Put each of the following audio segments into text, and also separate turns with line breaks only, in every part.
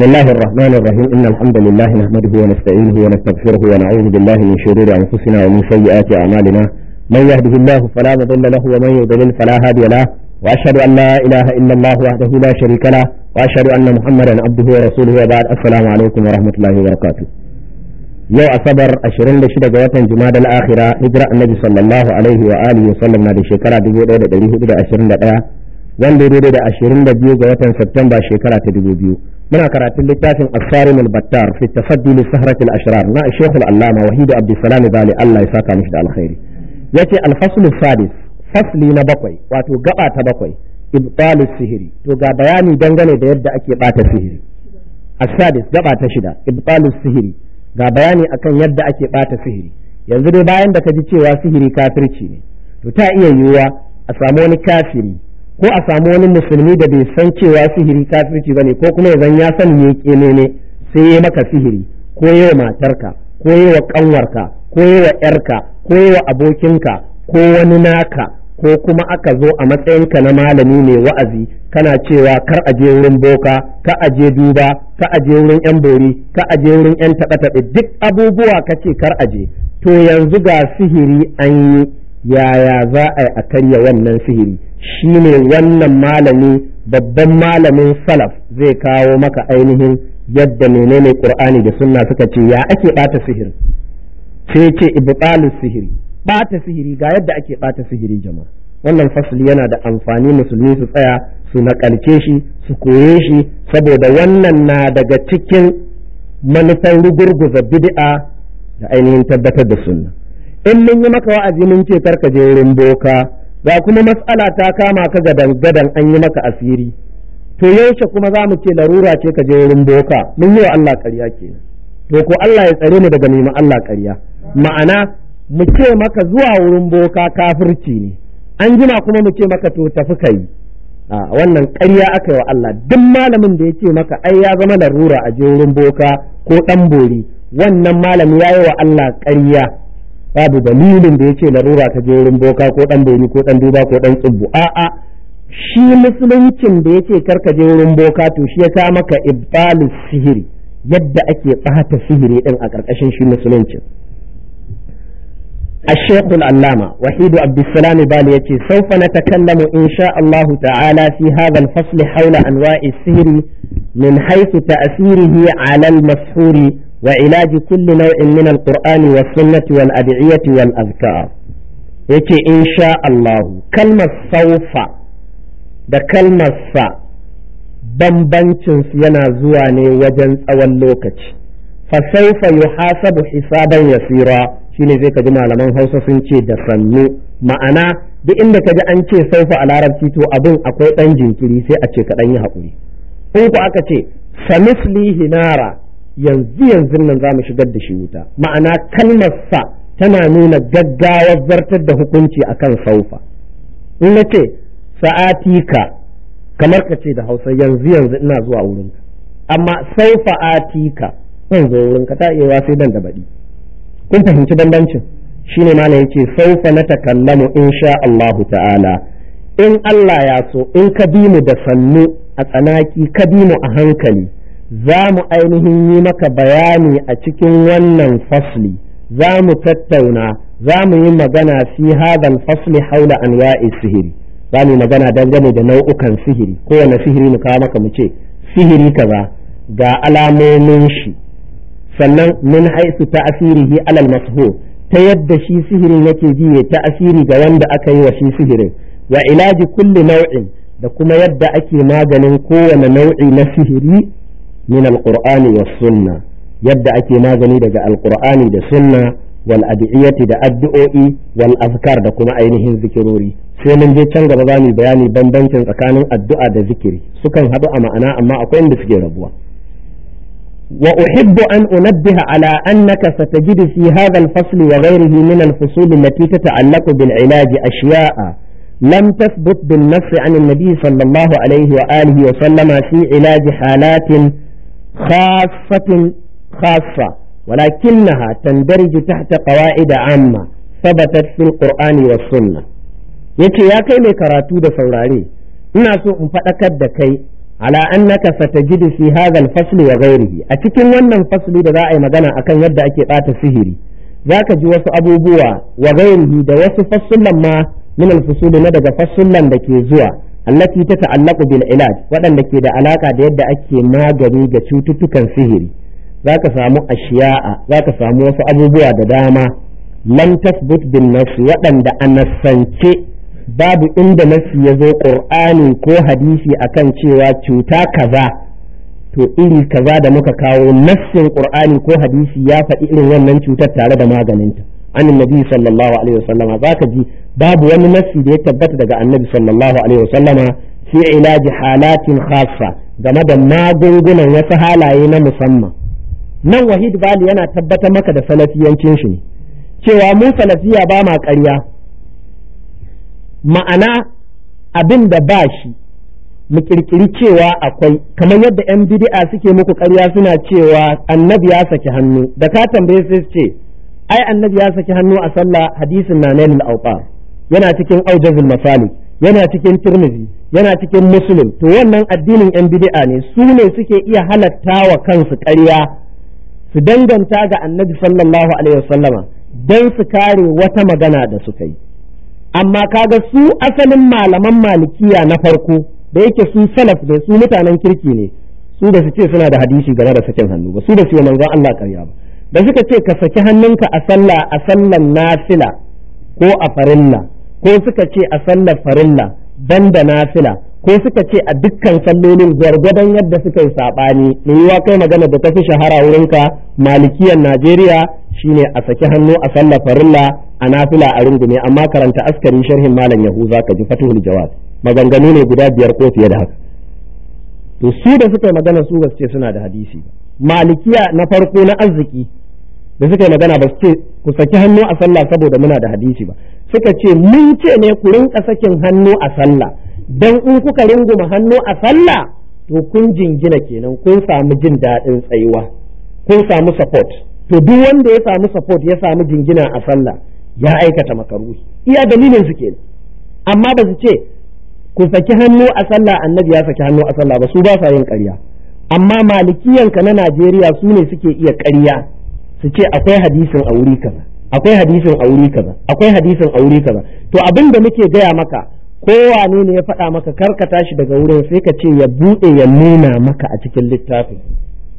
بسم الله الرحمن الرحيم إن الحمد لله نحمده ونستعينه ونستغفره ونعوذ بالله من شرور أنفسنا ومن سيئات أعمالنا من يهده الله فلا مضل له ومن يضلل فلا هادي له وأشهد أن لا إله إلا الله وحده لا شريك له وأشهد أن محمدا عبده ورسوله وبعد السلام عليكم ورحمة الله وبركاته يو أصبر أشرين لشدة جواتن جماد الآخرة هجرة النبي صلى الله عليه وآله وسلم نادي شكرا دي أشرين لأ wanda ya daidai da ashirin da biyu ga watan Septemba shekara ta dubu biyu. Muna karatun littafin Asarin al-Battar fi tafaddi li sahratil ashrar na Sheikh al-Allama Wahidu Abdulsalam Bali Allah ya saka mishi da alkhairi. Yace al-fasl sadis fasli na bakwai wato gaba ta bakwai ibtalu sihiri to ga bayani dangane da yadda ake bata sihiri. Asadis gaba ta shida ibtalu sihiri ga bayani akan yadda ake bata sihiri. Yanzu dai bayan da ka ji cewa sihiri kafirci ne to ta iya yiwuwa a samu wani kafiri ko a samu wani musulmi da bai san cewa sihiri kafirci bane ko kuma idan ya san me yake ne sai ya maka sihiri ko yayi matarka ko yayi wa kanwarka ko yayi wa yarka ko yayi wa abokinka ko wani naka ko kuma aka zo a matsayinka na malami mai wa'azi kana cewa kar a je wurin boka ka a duba ka a wurin yan bori ka a wurin yan taɓe duk abubuwa ka ce kar a to yanzu ga sihiri an yi yaya za a yi a karya wannan sihiri Shi ne wannan malami babban malamin salaf zai kawo maka ainihin yadda menene qur'ani da sunna suka ce ya ake bata sihiri sai ce ibtalus sihiri bata sihiri ga yadda ake bata sihiri jama'a wannan fasli yana da amfani musulmi su tsaya su nakalce shi su koye shi saboda wannan na daga cikin manufan rugurguza bid'a da ainihin tabbatar da sunna in mun yi maka wa'azi mun ce karka je wurin boka ga kuma matsala ta kama ka gadan gadan an yi maka asiri to yaushe kuma za mu ce larura ce ka je wurin boka mun yi wa Allah ƙarya kenan to ko Allah ya tsare mu daga neman Allah ƙarya ma'ana mu ce maka zuwa wurin boka kafirci ne an jima kuma mu ce maka to tafi kai a wannan ƙarya aka yi wa Allah duk malamin da ya ce maka ai ya zama larura a je wurin boka ko dan bori wannan malami ya yi wa Allah ƙarya babu dalilin da yace larura ta je wurin boka ko dan beni ko dan duba ko dan tsubbu a'a shi musuluncin da yake karka je wurin boka to shi ya ka maka ibbalu sihiri yadda ake tsata sihiri din a karkashin shi musuluncin الشيخ العلامة وحيد عبد السلام بالي يتي سوف نتكلم إن شاء الله تعالى في هذا الفصل حول أنواع السهر من حيث تأثيره على المسحور وعلاج كل نوع من القرآن والسنة والأدعية والأذكار يتي إن شاء الله كلمة سوف da kalmarsa bambancinsu yana zuwa ne wajen tsawon lokaci fasaufa yuhasabu hisaban yasira shine zai kaji malaman hausa sun ce da sannu ma'ana duk inda ka an ance saufa a larabci to abin akwai dan jinkiri sai a ce kaɗan yi haƙuri in aka ce samislihi nara yanzu yanzu nan za mu shigar da shi wuta ma'ana kalmar sa tana nuna gaggawar zartar da hukunci akan saufa in na ce sa'atika kamar ka ce da hausa yanzu yanzu ina zuwa wurinka amma saufa atika zan zo wurinka ta iya sai dan da baɗi kun fahimci bambancin shine malam yace saufa na takallamu insha Allah ta'ala in Allah ya so in ka bi mu da sannu a tsanaki ka bi mu a hankali za mu ainihin yi maka bayani a cikin wannan fasli za mu tattauna za mu yi magana fi hadal fasli haula an ya'i sihiri za mu yi magana dangane da nau'ukan sihiri kowane sihiri mu kawo maka mu ce sihiri kaza ga alamomin shi sannan min haisu ta'asirihi alal mashu ta yadda shi sihirin yake bi ya ta'asiri ga wanda aka yi wa shi sihirin wa ilaji kulli nau'in da kuma yadda ake maganin kowane nau'i na sihiri min alqur'ani was sunna yadda ake magani daga alkur'ani da sunna wal adiyati da addu'o'i wal azkar da kuma ainihin zikirori sai mun je can gaba zamu bayani bambancin tsakanin addu'a da zikiri sukan haɗu a ma'ana amma akwai inda suke rabuwa wa uhibbu an unabbiha ala annaka satajidu fi hadha al-fasl wa ghayrihi min al-fusul allati tata'allaqu bil ilaji ashiya'a لم تثبت بالنص عن النبي صلى الله عليه وآله وسلم في علاج حالات خاصة خاصة ولكنها تندرج تحت قواعد amma ثبتت في القرآن والسنة yace ya kai mai karatu da saurare ina so in faɗakar da kai ala annaka fatajidu fi hadha al-fasl wa ghayrihi a cikin wannan fasli da za a yi magana akan yadda ake bata sihiri zaka ji wasu abubuwa wa ghayrihi da wasu fasullan ma min al-fusul na daga fasullan da ke zuwa allati ta ta'allaqu bil ilaj waɗanda ke da alaka da yadda ake magani ga cututtukan sihiri zaka samu ashiya'a zaka samu wasu abubuwa da dama lam tasbut bin nas waɗanda anasance babu inda nasi ya zo qur'ani ko hadisi akan cewa cuta kaza to iri kaza da muka kawo nassin qur'ani ko hadisi ya faɗi irin wannan cutar tare da maganinta anin nabi sallallahu alaihi wasallama zaka ji babu wani nassi da ya tabbata daga annabi sallallahu alaihi wasallama fi ilaji halatin khassa game da magungunan wasu halaye na musamman nan wahid bali yana tabbatar maka da salafiyancin shi cewa mu salafiya ba ma ƙarya ma'ana abin da ba shi mu kirkiri cewa akwai kamar yadda yan bid'a suke muku ƙarya suna cewa annabi ya saki hannu da ka tambaye sai ce ai annabi ya saki hannu a sallah hadisin na nailul awqa yana cikin aujazul masali yana cikin tirmizi yana cikin muslim to wannan addinin yan bid'a ne su ne suke iya halatta wa kansu ƙarya su danganta ga annabi sallallahu alaihi wasallama dan su kare wata magana da suka yi amma kaga su asalin malaman malikiya na farko da yake su salaf da su mutanen kirki ne su da su ce suna da hadisi game da sakin hannu ba su da su yi manzon Allah ƙarya ba da suka ce ka saki hannunka a sallah a sallan nafila ko a farilla ko suka ce a sallar farilla da nafila ko suka ce a dukkan sallolin gwargwadon yadda suka yi saɓani yiwuwa kai magana da tafi shahara wurinka malikiyar najeriya shine a saki hannu a sallar farilla a nafila a rungume amma karanta askari sharhin malam yahuza ka ji fatuhul jawab maganganu ne guda biyar ko fiye da haka to su da suka yi magana su ba ce suna da hadisi malikiya na farko na arziki da suka yi magana ba su ce ku saki hannu a sallah saboda muna da hadisi ba suka ce mun ce ne ku rinka sakin hannu a sallah dan in kuka ringuma hannu a sallah to kun jingina kenan kun samu jin daɗin tsayuwa kun samu support to duk wanda ya samu support ya samu jingina a sallah ya aikata makaruhi iya dalilin su kenan amma ba su ce ku saki hannu a sallah annabi ya saki hannu a sallah ba su ba sa yin ƙarya amma malikiyanka na Najeriya su ne suke iya ƙarya su ce akwai hadisin a wuri kaza akwai hadisin a wuri kaza akwai hadisin a wuri kaza to abin da muke gaya maka kowane ne ya faɗa maka ka tashi daga wurin sai ka ce ya buɗe ya nuna maka a cikin littafin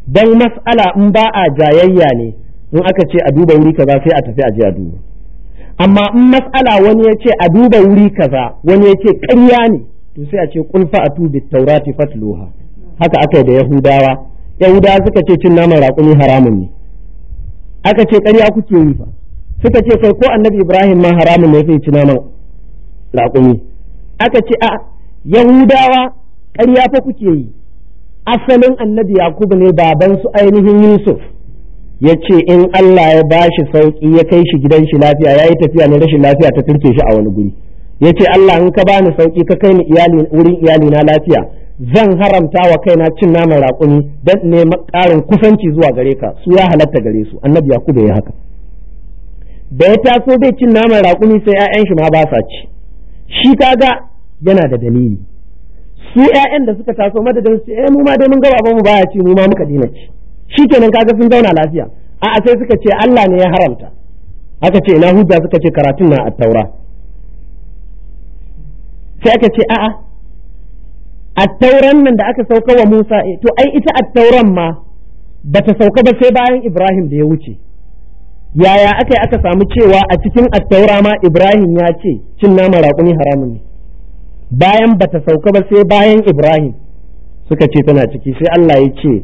don mas'ala in ba a jayayya ne in aka ce a duba wuri kaza sai a tafi a je a duba amma in mas'ala wani ya ce a duba wuri kaza wani ya ce ƙarya ne to sai a ce kul fa'atu bit taurati fatluha haka aka yi da yahudawa yahudawa suka ce cin naman raƙumi haramun ne aka ce ƙarya kuke yi fa suka ce kai ko annabi ibrahim ma haramun ne zai ci naman raƙumi aka ce a yahudawa ƙarya fa kuke yi asalin annabi yakubu ne baban su ainihin yusuf ya ce in allah ya shi sauƙi ya kai shi gidan shi lafiya ya yi tafiya na rashin lafiya ta turke shi a wani guri ya ce allah in ka bani sauƙi ka kai ni wurin iyali na lafiya zan haramta wa kaina cin naman raƙumi don nema ƙarin kusanci zuwa gare ka su ya halatta gare su annabi ya kube ya haka da ya taso bai cin naman raƙumi sai 'ya'yan shi ma ba sa ci shi kaga yana da dalili su 'ya'yan da suka taso madadin su eh mu ma dai mun ga mu baya ci muma muka dina ci Shi kenan kaga sun zauna lafiya a'a sai suka ce Allah ne ya haramta aka ce ina hujja suka ce karatun na at-taura sai aka ce a'a attauran nan da aka sauka wa Musa eh, to ai ita attauran ma ba ta sauka ba sai bayan Ibrahim da ya wuce yaya aka aka samu cewa a cikin attaura ma Ibrahim ya ce cin nama raƙumi haramun ne bayan ba ta sauka ba sai bayan Ibrahim suka ce tana ciki sai Allah ya ce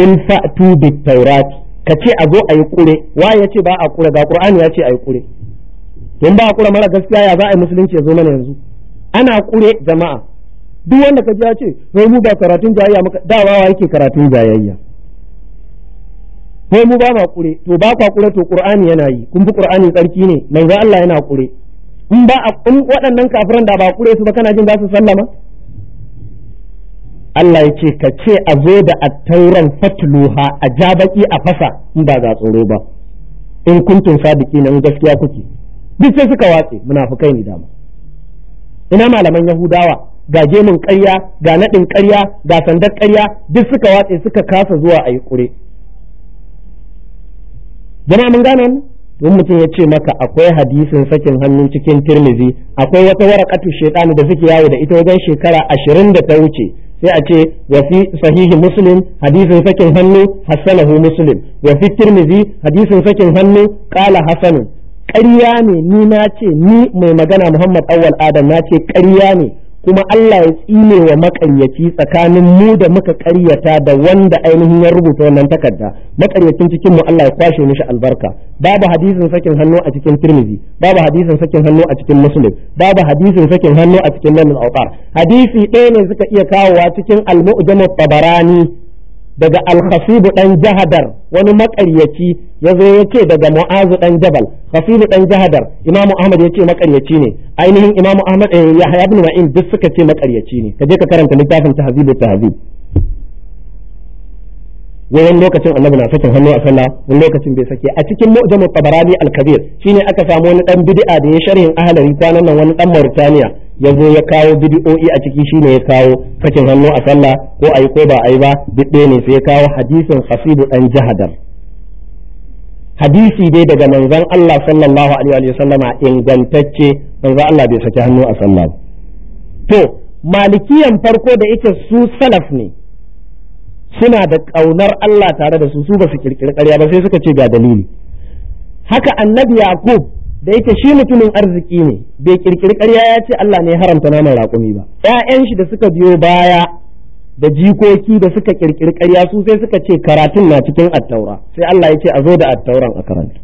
in fa'tu bit-taurat ka ce a zo a yi kure waye ya ce ba a kure ga Qur'ani ya ce a yi kure don ba a kure mara gaskiya ya za a yi musulunci ya zo mana yanzu ana kure jama'a duk wanda ka ji ya ce wai mu ba karatun jayayya dawa wa yake karatun jayayya wai mu ba ma kure to ba kwa kure to qur'ani yana yi kun bi qur'ani tsarki ne manzo Allah yana kure in ba in waɗannan kafiran da ba kure su ba kana jin za su sallama Allah ya ce ka ce a zo da attauran fatluha a ja baki a fasa in ba za tsoro ba in kuntun sadiki nan gaskiya kuke duk sai suka watse munafukai ne dama ina malaman yahudawa ga gemin ƙarya ga naɗin ƙarya ga sandar ƙarya duk suka watse suka kasa zuwa a yi ƙure jama'a mun gane mutum ya ce maka akwai hadisin sakin hannun cikin tirmizi akwai wata warakatu shaitani da suke yawo da ita wajen shekara ashirin da ta wuce sai a ce wa fi sahihi muslim hadisin sakin hannu hassanahu muslim wa fi tirmizi hadisin sakin hannu qala hasanun ƙarya ne ni na ce ni mai magana muhammad awwal adam na ce ƙarya ne kuma Allah ya tsine wa makaryaci tsakanin mu da muka karyata da wanda ainihin ya rubuta wannan takarda makaryacin cikin mu Allah ya kwashe mishi albarka babu hadisin sakin hannu a cikin Tirmidhi babu hadisin sakin hannu a cikin Muslim babu hadisin sakin hannu a cikin Sunan al hadisi ɗaya ne suka iya kawowa cikin al-Mu'jam tabarani daga alhasibu dan jahadar wani makaryaci ya zo ya daga mu'azu dan jabal hasibu dan jahadar imamu ahmad ya ce makaryaci ne ainihin imamu ahmad eh, yahya ibn ma'in duk suka ce makaryaci ne kaje ka karanta littafin tahzibu tahzib wayan lokacin annabi na sakin hannu a sallah wani lokacin bai sake a cikin mu'jamut tabarani al-kabir shine aka samu wani dan bid'a da ya sharhin ahlari kwanan nan wani dan Mauritania ya zo ya kawo bidi'o'i a ciki shine ya kawo sakin hannu a sallah ko ayi ko ba ayi ba bidde ne sai ya kawo hadisin hasibu dan jahadar hadisi dai daga manzon Allah sallallahu alaihi wa sallama ingantacce manzon Allah bai saki hannu a sallah to malikiyan farko da yake su salaf ne suna da kaunar Allah tare da su su ba su kirkiri ƙarya ba sai suka ce ga dalili haka annabi yaqub da yake shi mutumin arziki ne bai kirkiri ƙarya ya ce Allah ne haramta naman raƙumi ba ƴaƴan shi da suka biyo baya da jikoki da suka kirkiri ƙarya su sai suka ce karatun na cikin attaura sai Allah ya ce a zo da attauran a karanta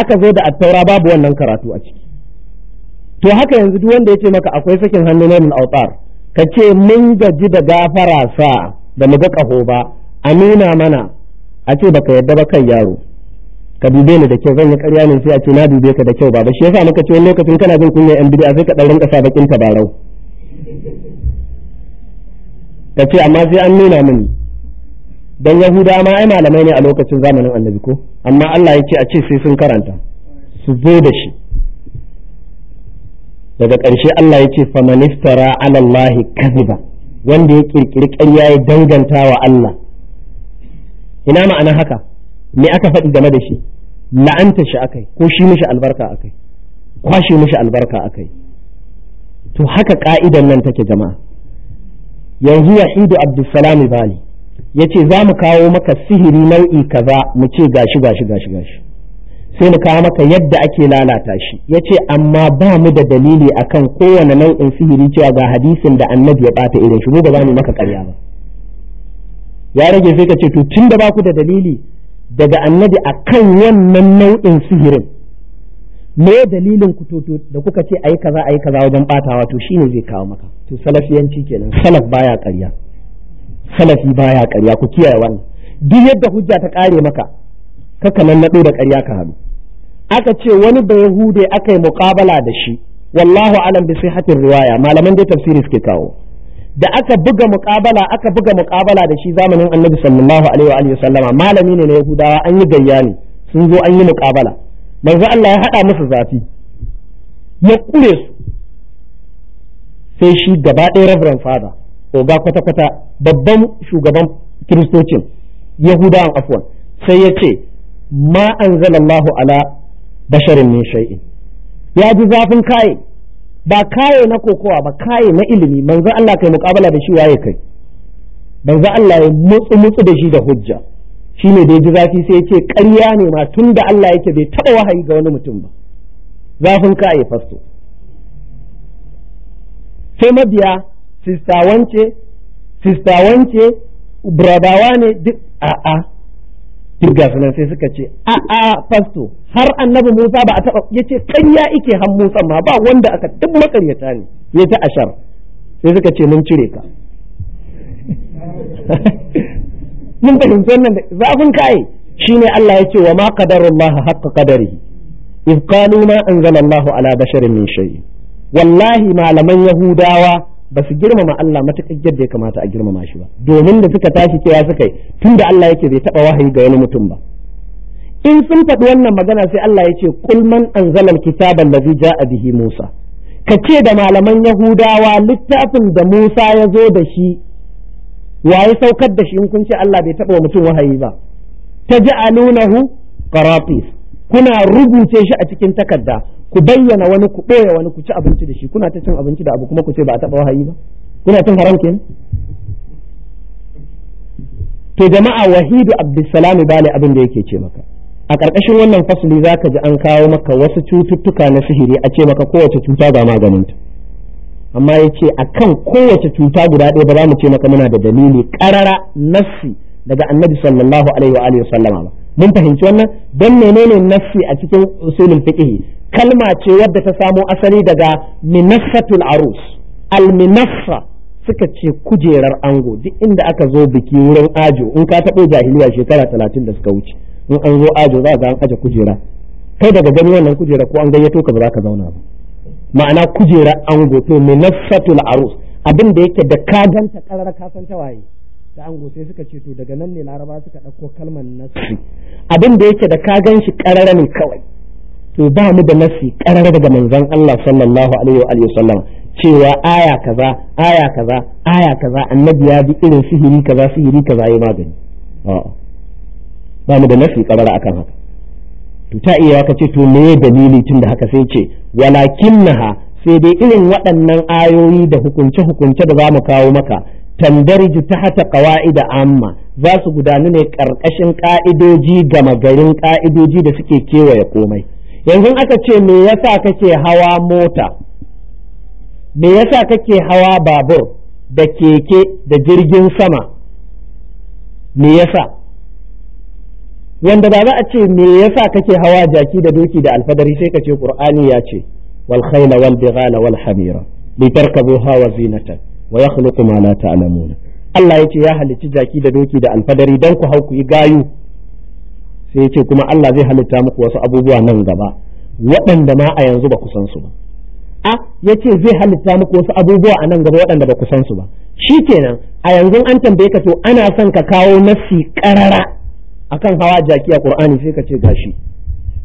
aka zo da attaura babu wannan karatu a ciki to haka yanzu duk wanda ya ce maka akwai sakin hannu na min autar ka ce mun gaji da gafara sa da mu ga ƙaho ba a nuna mana a ce baka yadda ba kan yaro ka dube ni da kyau zan yi ƙarya ne sai a ce na dube ka da kyau baba shi yasa muka ce wani lokacin kana jin kunya yan bid'a sai ka dan rinka sa bakin tabarau ka ce amma sai an nuna mini dan yahuda ma ai malamai ne a lokacin zamanin annabi ko amma Allah ya ce a ce sai sun karanta su zo da shi daga ƙarshe Allah ya ce famaniftara alallahi kaziba wanda ya kirkiri ƙarya ya danganta wa Allah ina ma'ana haka me aka faɗi game da shi la'anta shi akai ko shi mishi albarka akai kwashe mishi albarka akai to haka ka'idan nan take jama'a yanzu yahidu abdulsalami bali ya ce za mu kawo maka sihiri nau'i kaza mu ce gashi gashi gashi gashi sai mu kawo maka yadda ake lalata shi ya ce amma ba mu da dalili akan kowane nau'in sihiri cewa ga hadisin da annabi ya bata irin shi mu ba za mu maka karya ba ya rage sai ka ce to tun da ba ku da dalili daga annabi a kan wannan nau'in sihirin me dalilin ku da kuka ce ayi kaza ayi kaza wajen batawa to shine zai kawo maka to salafiyanci kenan salaf baya ƙarya salafi baya ƙarya ku kiyaye wannan duk yadda hujja ta kare maka kaka nan naɗo da ƙarya ka hadu aka ce wani da hude aka yi muƙabala da shi wallahu alam bi sihhatir riwaya malaman dai tafsiri suke kawo da aka buga muƙabala aka buga muƙabala da shi zamanin annabi sallallahu alaihi wa sallama malami ne na yahudawa an yi gayya sun zo an yi muƙabala manzo Allah ya haɗa musu zafi ya kure su sai shi gaba ɗaya reverend father oga kwata-kwata babban shugaban kiristocin yahudawan afwan sai ya ce ma anzalallahu ala basharin min shay'in ya ji zafin kai ba kaye na kokowa ba kaye na ilimi manzo Allah kai muƙabala da shi waye kai manzo Allah ya mutsu mutsu da shi da hujja shine da ji zafi sai yace ƙarya ne ma tunda Allah yake bai taba wahayi ga wani mutum ba zafin kaye fasto sai mabiya sista wance sista wance ne duk a'a duk ga sai suka ce a a fasto har annabi Musa ba a taba yace kan ya ike han Musa ma ba wanda aka duk makaryata ne ya ta ashar sai suka ce mun cire ka mun fahimci wannan zafin shi ne Allah ya ce wa ma qadarullah haqqa qadarihi iz qalu ma zama Allah ala basharin min shay wallahi malaman yahudawa ba su girmama Allah matuƙar yadda ya kamata a girmama shi ba domin da suka tashi cewa suka yi tun da Allah yake bai taɓa wahayi ga wani mutum ba in sun faɗi wannan magana sai Allah ya ce kulman man anzalal kitaban ladhi ja'a bihi Musa ka ce da malaman Yahudawa littafin da Musa ya zo da shi waye saukar da shi in kun ce Allah bai taɓa wa mutum wahayi ba taj'alunahu qaratis kuna rubuce shi a cikin takarda ku bayyana wani ku ɓoye wani ku ci abinci da shi kuna ta cin abinci da abu kuma ku ce ba a taɓa wahayi ba kuna cin haram to jama'a wahidu abdussalam bale abin da yake ce maka a ƙarƙashin wannan fasli za ka ji an kawo maka wasu cututtuka na sihiri a ce maka kowace cuta ga maganinta amma ya ce a kan kowace cuta guda ɗaya ba za mu ce maka muna da dalili ƙarara nassi daga annabi sallallahu alaihi wa alihi sallama ba mun fahimci wannan don menene nassi a cikin usulul fiqh kalma ce wadda ta samo asali daga minassatul arus al minaffa suka ce kujerar ango duk inda aka zo biki wurin ajo in ka taɓo jahiliya shekara talatin da suka wuce in an zo ajo za ga an aje kujera kai daga gani wannan kujera ko an gayyato ka ba za ka zauna ba ma'ana kujerar ango to minassatul arus abin da yake da ka ganta karar ka san ta da ango sai suka ce to daga nan ne laraba suka ɗauko kalmar nasri abin da yake da ka gan shi ƙarara ne kawai to ba mu da nasri ƙarara daga manzon Allah sallallahu alaihi wa sallam cewa aya kaza aya kaza aya kaza annabi ya bi irin sihiri kaza sihiri kaza yayi magani a'a ba mu da nasri ƙarara akan haka to ta iya ka ce to me dalili tun da haka sai ce walakinnaha sai dai irin waɗannan ayoyi da hukunce-hukunce da za mu kawo maka ta hata ƙawa'ida amma za su gudanu ne ƙarƙashin ƙa'idoji gama garin ƙa'idoji da suke kewaye komai yanzu aka ce me yasa kake hawa mota me yasa kake hawa babur da keke da jirgin sama me yasa wanda ba za a ce me yasa kake hawa jaki da doki da alfadari sai ka ce qur'ani ya ce wal khayla wal wal wa yakhluqu ma la ta'lamun Allah yace ya halicci jaki da doki da alfadari dan ku hau ku yi gayu sai yace kuma Allah zai halitta muku wasu abubuwa nan gaba waɗanda ma a yanzu ba ku san su ba a yace zai halitta muku wasu abubuwa a nan gaba waɗanda ba ku san su ba shikenan a yanzu an tambaye ka to ana son ka kawo nafsi karara akan hawa jaki a Qur'ani sai ka ce gashi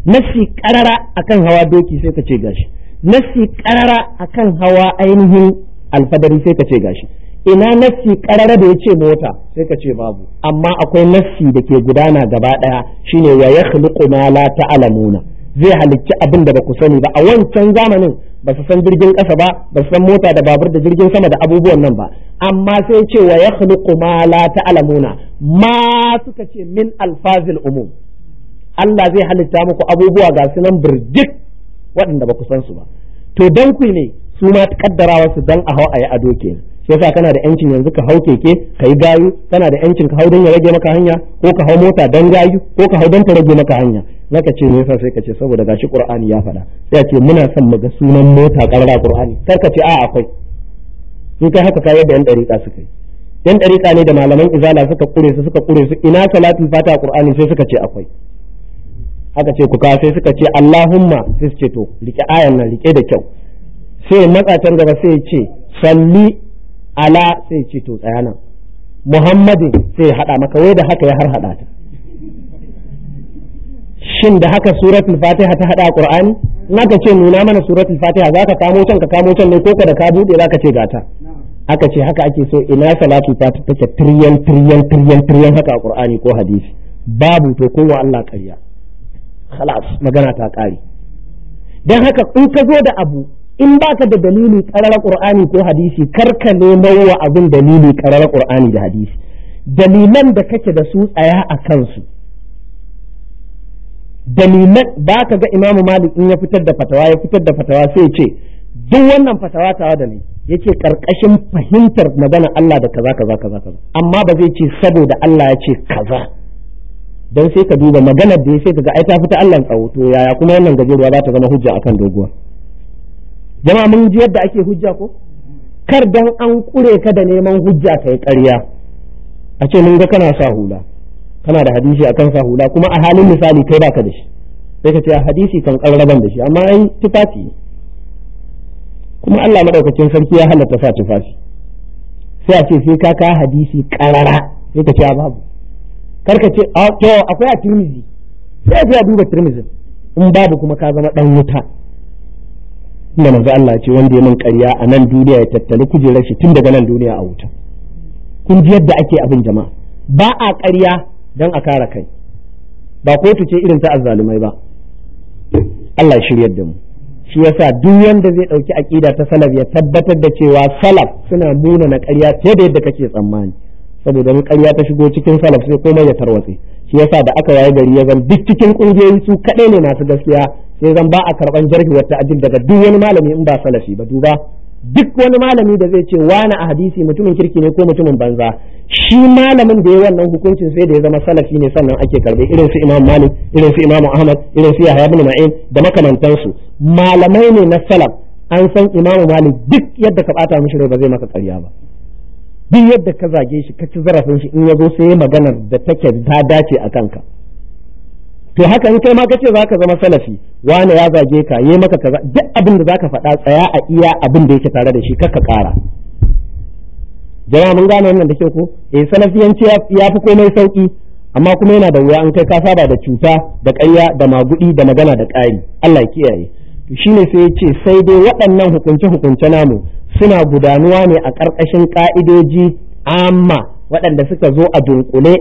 nafsi karara akan hawa doki sai ka ce gashi nafsi karara akan hawa ainihin alfadari sai ka ce gashi ina nassi karara da yace mota sai ka ce babu amma akwai nassi da ke gudana gaba daya shine wa yakhluqu ma la ta'lamuna zai halicci abin da ba ku sani ba a wancan zamanin ba su san jirgin kasa ba ba su san mota da babur da jirgin sama da abubuwan nan ba amma sai ce wa yakhluqu ma la ta'lamuna ma suka ce min alfazil umum Allah zai halitta muku abubuwa ga su nan birjik waɗanda ba ku san su ba to dan ku ne su ma kaddara su dan a hau a yi ado ke shi yasa kana da yancin yanzu ka hau keke ka yi gayu kana da yancin ka hau don ya rage maka hanya ko ka hau mota dan gayu ko ka hau don ta rage maka hanya zaka ce me yasa sai ka ce saboda gashi qur'ani ya faɗa sai ce muna son mu ga sunan mota karara qur'ani kar ka ce a akwai in kai haka kai da yan dariƙa suka yi yan dariƙa ne da malaman izala suka kure su suka kure su ina salatul fata qur'ani sai suka ce akwai aka ce ku sai suka ce allahumma sai su ce to rike ayan nan rike da kyau sai ya matsa can gaba sai ya ce salli ala sai ce to tsaya nan muhammadin sai ya haɗa maka wai da haka ya har haɗa ta shin da haka suratul fatiha ta haɗa qur'ani ka ce nuna mana surat suratul fatiha zaka kamo can ka kamo can ne ko da ka buɗe zaka ce gata aka ce haka ake so ina salatu ta take tiryan tiryan tiryan tiryan haka a qur'ani ko hadisi babu to wa Allah ƙarya khalas magana ta ƙare dan haka in ka zo da abu in ba ka da dalili karara Kur'ani ko hadisi kar ka nemo wa abin dalili karara qur'ani da hadisi dalilan da kake da su tsaya a kansu dalilan ba ka ga imamu malik in ya fitar da fatawa ya fitar da fatawa sai ce duk wannan fatawa tawa da ni yake karkashin fahimtar maganar Allah da kaza kaza kaza kaza amma ba zai ce saboda Allah ya ce kaza dan sai ka duba maganar da ya sai ka ga ai ta fita Allah tsawo to yaya kuma wannan gajeruwa za ta zama hujja akan doguwa jama mun ji yadda ake hujja ko kar dan an kure ka da neman hujja kai ƙarya a ce mun ga kana sa hula kana da hadisi akan sa hula kuma a halin misali kai baka da shi sai ka ce hadisi kan karraban da shi amma ai tufafi kuma Allah madaukakin sarki ya halatta sa tufafi sai a ce sai ka ka hadisi karara sai ka ce babu kar ka ce to akwai a tirmizi sai a duba tirmizin in babu kuma ka zama dan wuta inda manzo Allah ce wanda ya mun ƙarya a nan duniya ya tattali kujerar shi tun daga nan duniya a wuta kun ji yadda ake abin jama'a ba a ƙarya don a kare kai ba kotu ce irin ta azzalumai ba Allah shiryar da mu shi yasa duk wanda zai dauki aqida ta salaf ya tabbatar da cewa salaf suna muna na ƙarya fiye da yadda kake tsammani saboda in ƙarya ta shigo cikin salaf sai komai ya tarwatse shi yasa da aka yayi gari ya zan duk cikin kungiyoyi su kaɗai ne masu gaskiya sai zan ba a karban jarhi wata ajil daga duk wani malami in ba salafi ba duba duk wani malami da zai ce wani a hadisi mutumin kirki ne ko mutumin banza shi malamin da ya wannan hukuncin sai da ya zama salafi ne sannan ake karbe irin su imam malik irin su imam ahmad irin su yahya ibn ma'in da makamantansu malamai ne na salaf an san imam malik duk yadda ka bata mishi rai ba zai maka ƙarya ba duk yadda ka zage shi ka ci zarafin shi in ya zo sai ya maganar da take ta dace a kanka to haka in kai ma ka za ka zama salafi wane ya zage ka yi maka kaza duk abin da za ka faɗa tsaya a iya abin da yake tare da shi ka ƙara jama'a mun gane wannan da ke ko eh salafiyanci ya fi komai sauki amma kuma yana da wuya in kai ka saba da cuta da ƙarya da magudi da magana da ƙari Allah ya kiyaye shi shine sai ya ce sai dai waɗannan hukunce hukunce namu suna gudanuwa ne a ƙarƙashin ƙa'idoji amma waɗanda suka zo a dunkule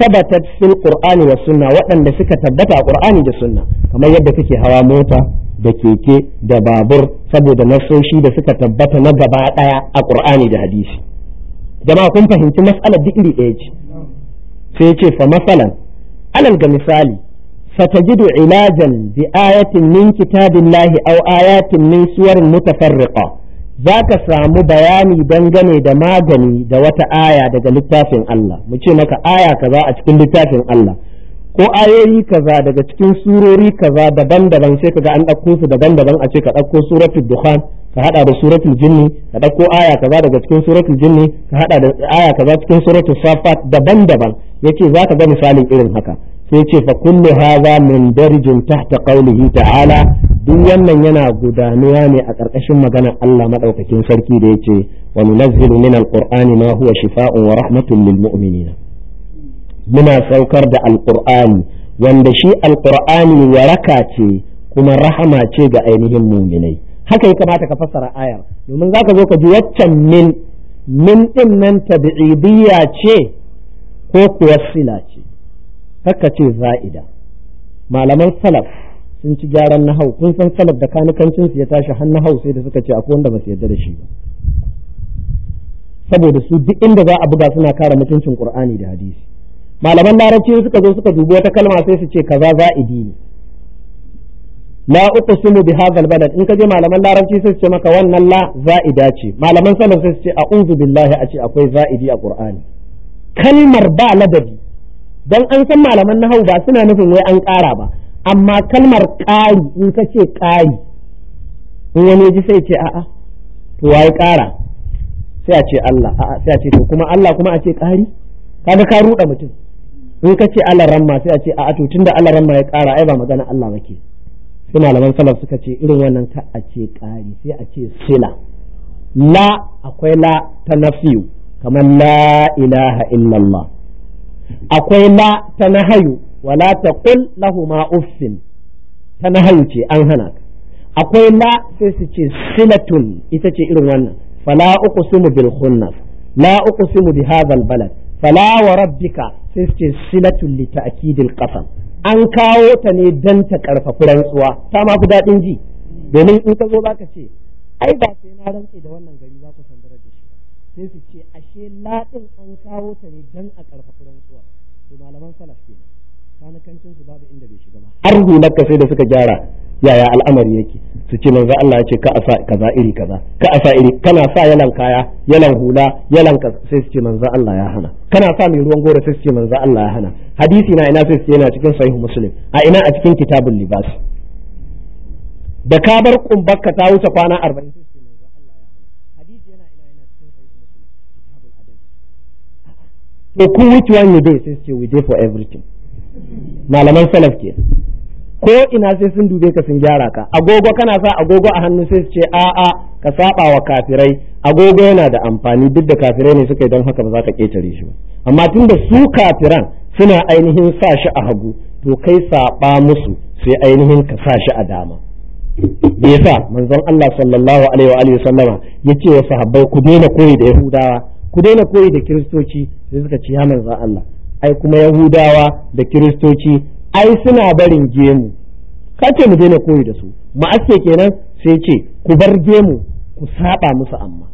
sabatat fil ƙur'ani wa sunna waɗanda suka tabbata a ƙur'ani da sunna kamar yadda kake hawa mota da keke da babur saboda nasoshi da suka tabbata na gaba ɗaya a ƙur'ani da hadisi jama'a kun fahimci matsalar duk ɗaya ce sai ce fa masalan alal ga misali فتجد علاجا بآية من كتاب الله أو آيات من سور متفرقة ذاك سامو بياني دنغني دماغني دوات آية دقى لتافن الله مجينك آية كذا أتكن لتافن الله ko ayoyi kaza daga cikin surori kaza daban-daban sai kaga an ɗauko su daban-daban a ce ka ɗauko suratul dukhan ka hada da suratul jinni ka ɗauko aya kaza daga cikin suratul jinni ka hada da aya kaza cikin suratul safat daban-daban yake za ka ga misalin irin haka sai ce fa kullu hadha min darjin tahta qawlihi ta'ala duk wannan yana gudanuwa ne a ƙarƙashin maganar Allah madaukakin sarki da yace wa nunazzilu min alqur'ani ma huwa shifaa'un wa rahmatun lil mu'minina muna saukar da alqur'ani wanda shi alqur'ani waraka ce kuma rahama ce ga ainihin mu'minai haka ya kamata ka fassara ayar domin zaka zo ka ji waccan min min din nan tabi'idiyya ce ko kuwa sila ce kakka ce za'ida malaman salaf sun ci gyaran nahau kun san salaf da kanukancin su ya tashi har nahau sai da suka ce akwai wanda ba su yarda da shi ba saboda su duk inda za a buga suna kara mutuncin qur'ani da hadisi malaman larabci suka zo suka dubi wata kalma sai su ce kaza za'idi ne la uqsimu bi hadha albalad in kaje malaman larabci sai su ce maka wannan la za'ida ce malaman salaf sai su ce a'udhu billahi a ce akwai za'idi a qur'ani kalmar ba ladabi Don an san malaman nahau ba suna nufin wai an ƙara ba amma kalmar ƙari in ka ce ƙari in wani ji sai ce a'a to wai ƙara sai a ce Allah a'a sai a ce to kuma Allah kuma a ce ƙari kaga ka ruɗa mutum in ka ce Allah ramma sai a ce a'a to tunda Allah ramma ya ƙara ai ba magana Allah ba ke sai malaman salaf suka ce irin wannan ka a ce ƙari sai a ce sila la akwai la ta nafiyu kamar la ilaha illallah akwai la ta nahayu wala ta kul ma uffin ta nahayu ce an hana ka akwai la sai su ce silatun ita ce irin wannan fala uqsimu bil khunnas la uqsimu bi hadha al balad fala wa rabbika sai su ce silatun li al qasam an kawo ta ne dan ta karfafi rantsuwa ta ma ku dadin ji domin in ka zo zaka ce ai ba sai na rantsi da wannan gari za ku san darajar shi sai su ce ashe la din an kawo ta ne dan a karfafi rantsuwa to malaman salaf su babu inda bai shiga ba sai da suka gyara yaya al'amari yake su ce manzo Allah ya ce ka asa kaza iri kaza ka asa iri kana sa yalan kaya yalan hula yalan ka sai su ce manzo Allah ya hana kana sa mai ruwan goro sai su ce manzo Allah ya hana hadisi na ina sai su ce yana cikin sahih muslim a ina a cikin kitabul libas da ka bar ka ta wuce kwana 40 so ku which one you dey sai su we dey for everything
malaman salaf
ke ko ina sai sun dube ka sun gyara ka agogo kana sa agogo a hannu sai su ce a'a ka saba wa kafirai agogo yana da amfani duk da kafirai ne suka yi don haka ba za ka ketare shi ba amma tunda su kafiran suna ainihin sa shi a hagu to kai saba musu sai ainihin ka sa shi a dama me yasa manzon Allah sallallahu alaihi wa alihi sallama yace wa sahabbai ku daina koyi da yahudawa ku daina koyi da kiristoci sai suka ci yaman za Allah ai kuma yahudawa da kiristoci ai suna barin gemu kace mu daina koyi da su ma'aske kenan sai ce ku bar gemu ku saba musu amma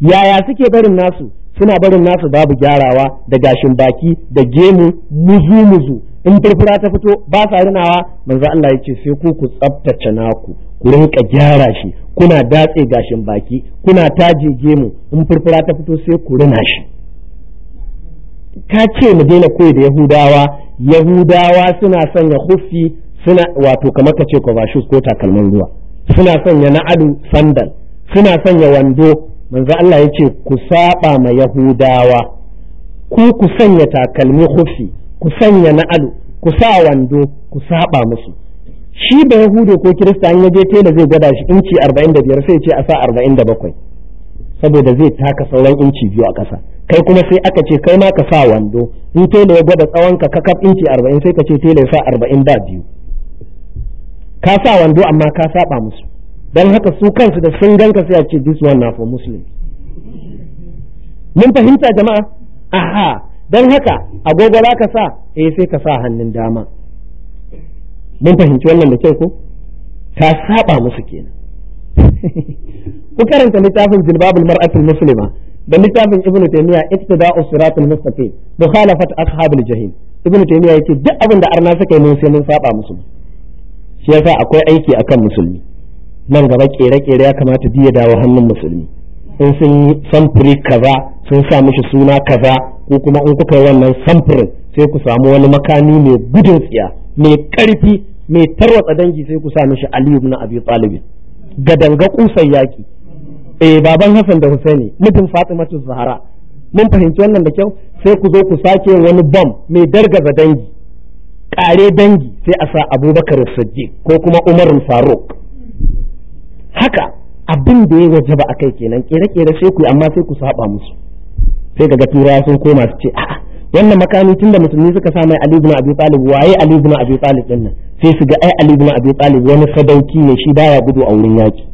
yaya suke barin nasu suna barin nasu babu gyarawa da gashin baki da gemu muzu muzu in furfura ta fito ba sa rinawa manzo Allah ya ce sai ku ku tsaftace naku ku rinka gyara shi kuna datse gashin baki kuna taje gemu in furfura ta fito sai ku rina shi ka ce mu daina koyi da yahudawa yahudawa suna sanya hufi suna wato kamar ka ce kwabashus ko takalman ruwa suna sanya adu sandal suna sanya wando manzo Allah ya ce ku saba ma yahudawa ku ku sanya takalmi hufi ku sanya na ado ku sa wando ku saba musu shi ba Yahudu ko kirista an yaje tela zai gwada shi inci 45 sai ce a sa 47 saboda zai taka sauran inci biyu a ƙasa kai kuma sai aka ce kai ma ka sa wando in tela ya gwada tsawon ka kakaf inci 40 sai ka ce tela ya sa 42 biyu ka sa wando amma ka saba musu don haka su kansu da sun ganka sai a ce this one na for muslim mun fahimta jama'a aha don haka agogo za ka sa e sai ka sa hannun dama mun fahimci wannan da kyau ko ka saba musu kenan ku karanta littafin jilbabul mar'atul muslima da littafin ibn taymiya ittida siratul mustaqim khalafat ashabul jahim ibn taymiya yake duk abin da arna suka yi mun sai mun saba musu shi yasa akwai aiki akan musulmi nan gaba kere-kere ya kamata ya dawo hannun musulmi in sun yi samfuri kaza sun sa mishi suna kaza ko kuma in kuka yi wannan samfurin sai ku samu wani makami mai gudun tsiya mai karfi mai tarwatsa dangi sai ku sa mishi aliyu na abi Ga danga kusan yaki eh baban Hassan da Husaini mutum Fatimatu Zahara mun fahimci wannan da kyau sai ku zo ku sake wani bom mai dargaza dangi kare dangi sai a sa Abubakar Siddiq ko kuma Umar Faruk haka abin da ya wajaba a kai kenan kere-kere sai ku amma sai ku saba musu sai kaga ya sun koma su ce a'a wannan makami tun da musulmi suka sa mai Ali ibn Abi waye Ali ibn Abi Talib sai su ga ai Ali ibn Abi Talib wani sadauki ne shi baya gudu a wurin yaki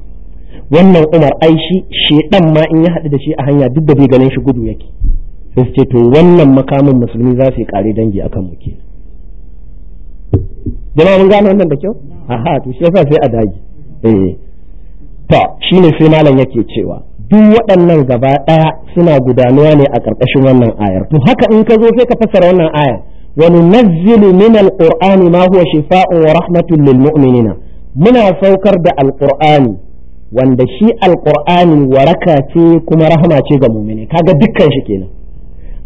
wannan Umar ai shi shedan ma in ya haɗu da shi a hanya duk da bai ganin shi gudu yake sai su ce to wannan makamin musulmi za su yi kare dangi akan mu jama'a mun gano wannan da kyau aha to shi yasa sai a dage eh ta shine sai malam yake cewa duk waɗannan gaba ɗaya suna gudanuwa ne a ƙarƙashin wannan ayar to haka in ka zo sai ka fassara wannan ayar وننزل من القرآن ما هو شفاء ورحمة للمؤمنين Muna saukar da القرآن wanda shi alƙur'ani waraka ce kuma rahama ce ga mumini kaga dukkan shi kenan